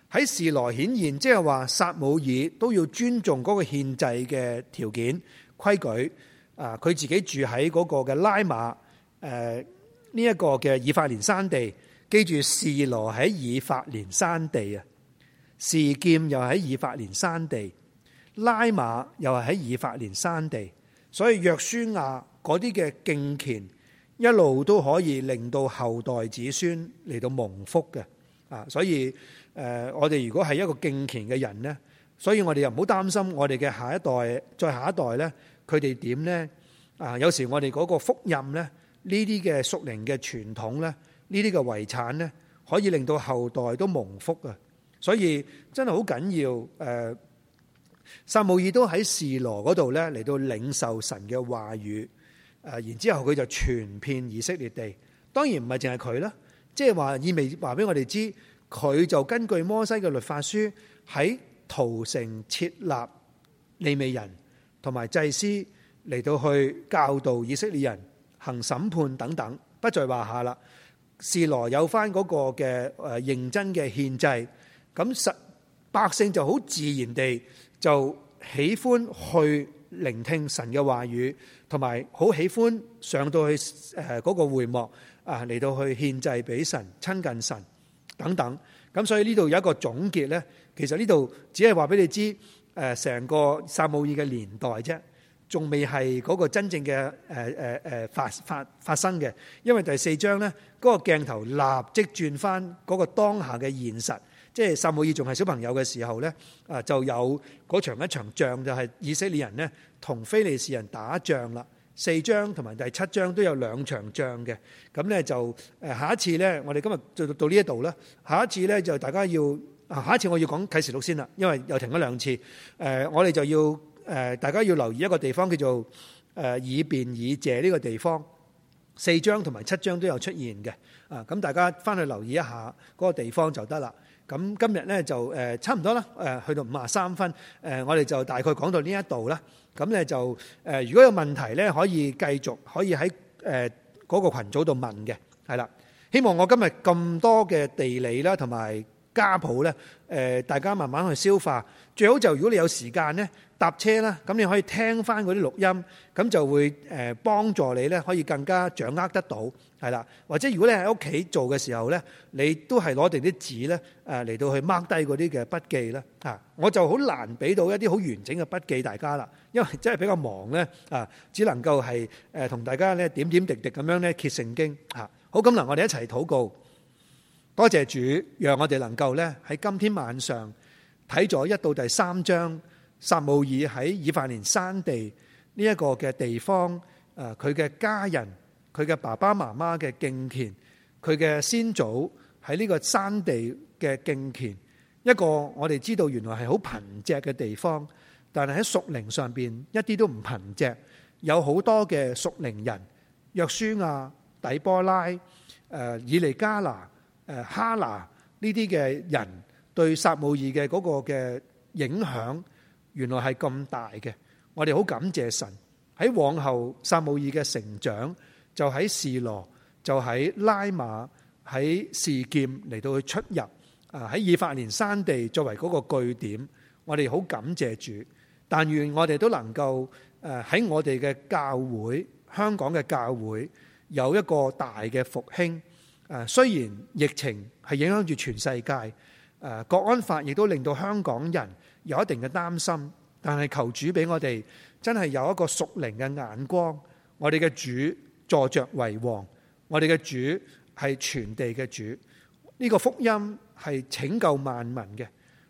喺示羅顯現，即係話撒母耳都要尊重嗰個獻祭嘅條件規矩。啊，佢自己住喺嗰個嘅拉馬誒。呃呢、這、一個嘅以法蓮山地，記住示羅喺以法蓮山地啊，示劍又喺以法蓮山地，拉馬又係喺以法蓮山地，所以約書亞嗰啲嘅敬虔，一路都可以令到後代子孫嚟到蒙福嘅啊！所以誒、呃，我哋如果係一個敬虔嘅人咧，所以我哋又唔好擔心我哋嘅下一代、再下一代咧，佢哋點咧啊？有時我哋嗰個福蔭咧。呢啲嘅屬靈嘅傳統咧，呢啲嘅遺產咧，可以令到後代都蒙福啊。所以真係好緊要。誒，撒母耳都喺士羅嗰度咧嚟到領受神嘅話語。誒，然之後佢就傳遍以色列地。當然唔係淨係佢啦，即係話意味話俾我哋知，佢就根據摩西嘅律法書，喺屠城設立利未人同埋祭司嚟到去教導以色列人。行審判等等，不在話下啦。示羅有返嗰個嘅誒認真嘅獻祭，咁實百姓就好自然地就喜歡去聆聽神嘅話語，同埋好喜歡上到去誒嗰、呃那個會幕啊嚟、呃、到去獻祭俾神親近神等等。咁所以呢度有一個總結呢，其實呢度只係話俾你知誒成個撒母耳嘅年代啫。仲未係嗰個真正嘅誒誒誒發發發生嘅，因為第四章呢，嗰、那個鏡頭立即轉翻嗰個當下嘅現實，即係撒母耳仲係小朋友嘅時候呢，啊、呃、就有嗰場一場仗就係以色列人呢同非利士人打仗啦。四章同埋第七章都有兩場仗嘅，咁呢，就誒、呃、下一次呢，我哋今日就到呢一度啦。下一次呢，就大家要啊，下一次我要講啟示錄先啦，因為又停咗兩次，誒、呃、我哋就要。誒、呃，大家要留意一個地方叫做誒、呃、以便以謝呢個地方，四章同埋七章都有出現嘅。啊、呃，咁大家翻去留意一下嗰、那個地方就得啦。咁、呃、今日咧就誒、呃、差唔多啦，誒、呃、去到五十三分，誒、呃、我哋就大概講到呢一度啦。咁、呃、咧就誒、呃、如果有問題咧，可以繼續可以喺誒嗰個群組度問嘅，係啦。希望我今日咁多嘅地理啦，同埋家譜咧、呃，大家慢慢去消化，最好就如果你有時間咧，搭車啦，咁你可以聽翻嗰啲錄音，咁就會誒幫、呃、助你咧，可以更加掌握得到，係啦。或者如果你喺屋企做嘅時候咧，你都係攞定啲紙咧，嚟、呃、到去 mark 低嗰啲嘅筆記啦、啊。我就好難俾到一啲好完整嘅筆記大家啦，因為真係比較忙咧，啊，只能夠係、呃、同大家咧點點滴滴咁樣咧揭聖經。啊、好咁嗱，我哋一齊禱告。多謝主，讓我哋能夠咧喺今天晚上睇咗一到第三章，撒母耳喺以法蓮山地呢一個嘅地方，誒佢嘅家人、佢嘅爸爸媽媽嘅敬虔，佢嘅先祖喺呢個山地嘅敬虔，一個我哋知道原來係好貧瘠嘅地方，但係喺屬靈上邊一啲都唔貧瘠，有好多嘅屬靈人，約書亞、底波拉、誒以利加拿。誒哈拿呢啲嘅人對撒母耳嘅嗰個嘅影響原來係咁大嘅，我哋好感謝神喺往後撒母耳嘅成長，就喺士羅，就喺拉馬，喺士劍嚟到去出入啊，喺以法蓮山地作為嗰個據點，我哋好感謝主，但願我哋都能夠誒喺我哋嘅教會，香港嘅教會有一個大嘅復興。誒，雖然疫情係影響住全世界，誒，國安法亦都令到香港人有一定嘅擔心。但係求主俾我哋真係有一個屬靈嘅眼光。我哋嘅主坐着為王，我哋嘅主係全地嘅主。呢、這個福音係拯救萬民嘅，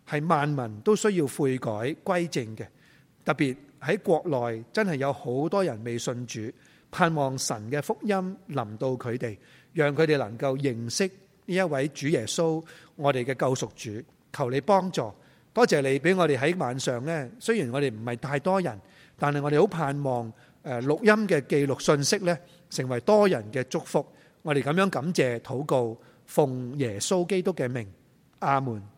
係萬民都需要悔改歸正嘅。特別喺國內，真係有好多人未信主，盼望神嘅福音臨到佢哋。讓佢哋能夠認識呢一位主耶穌，我哋嘅救贖主。求你幫助，多謝你俾我哋喺晚上咧，雖然我哋唔係太多人，但係我哋好盼望誒，錄音嘅記錄信息咧，成為多人嘅祝福。我哋咁樣感謝禱告，奉耶穌基督嘅名，阿門。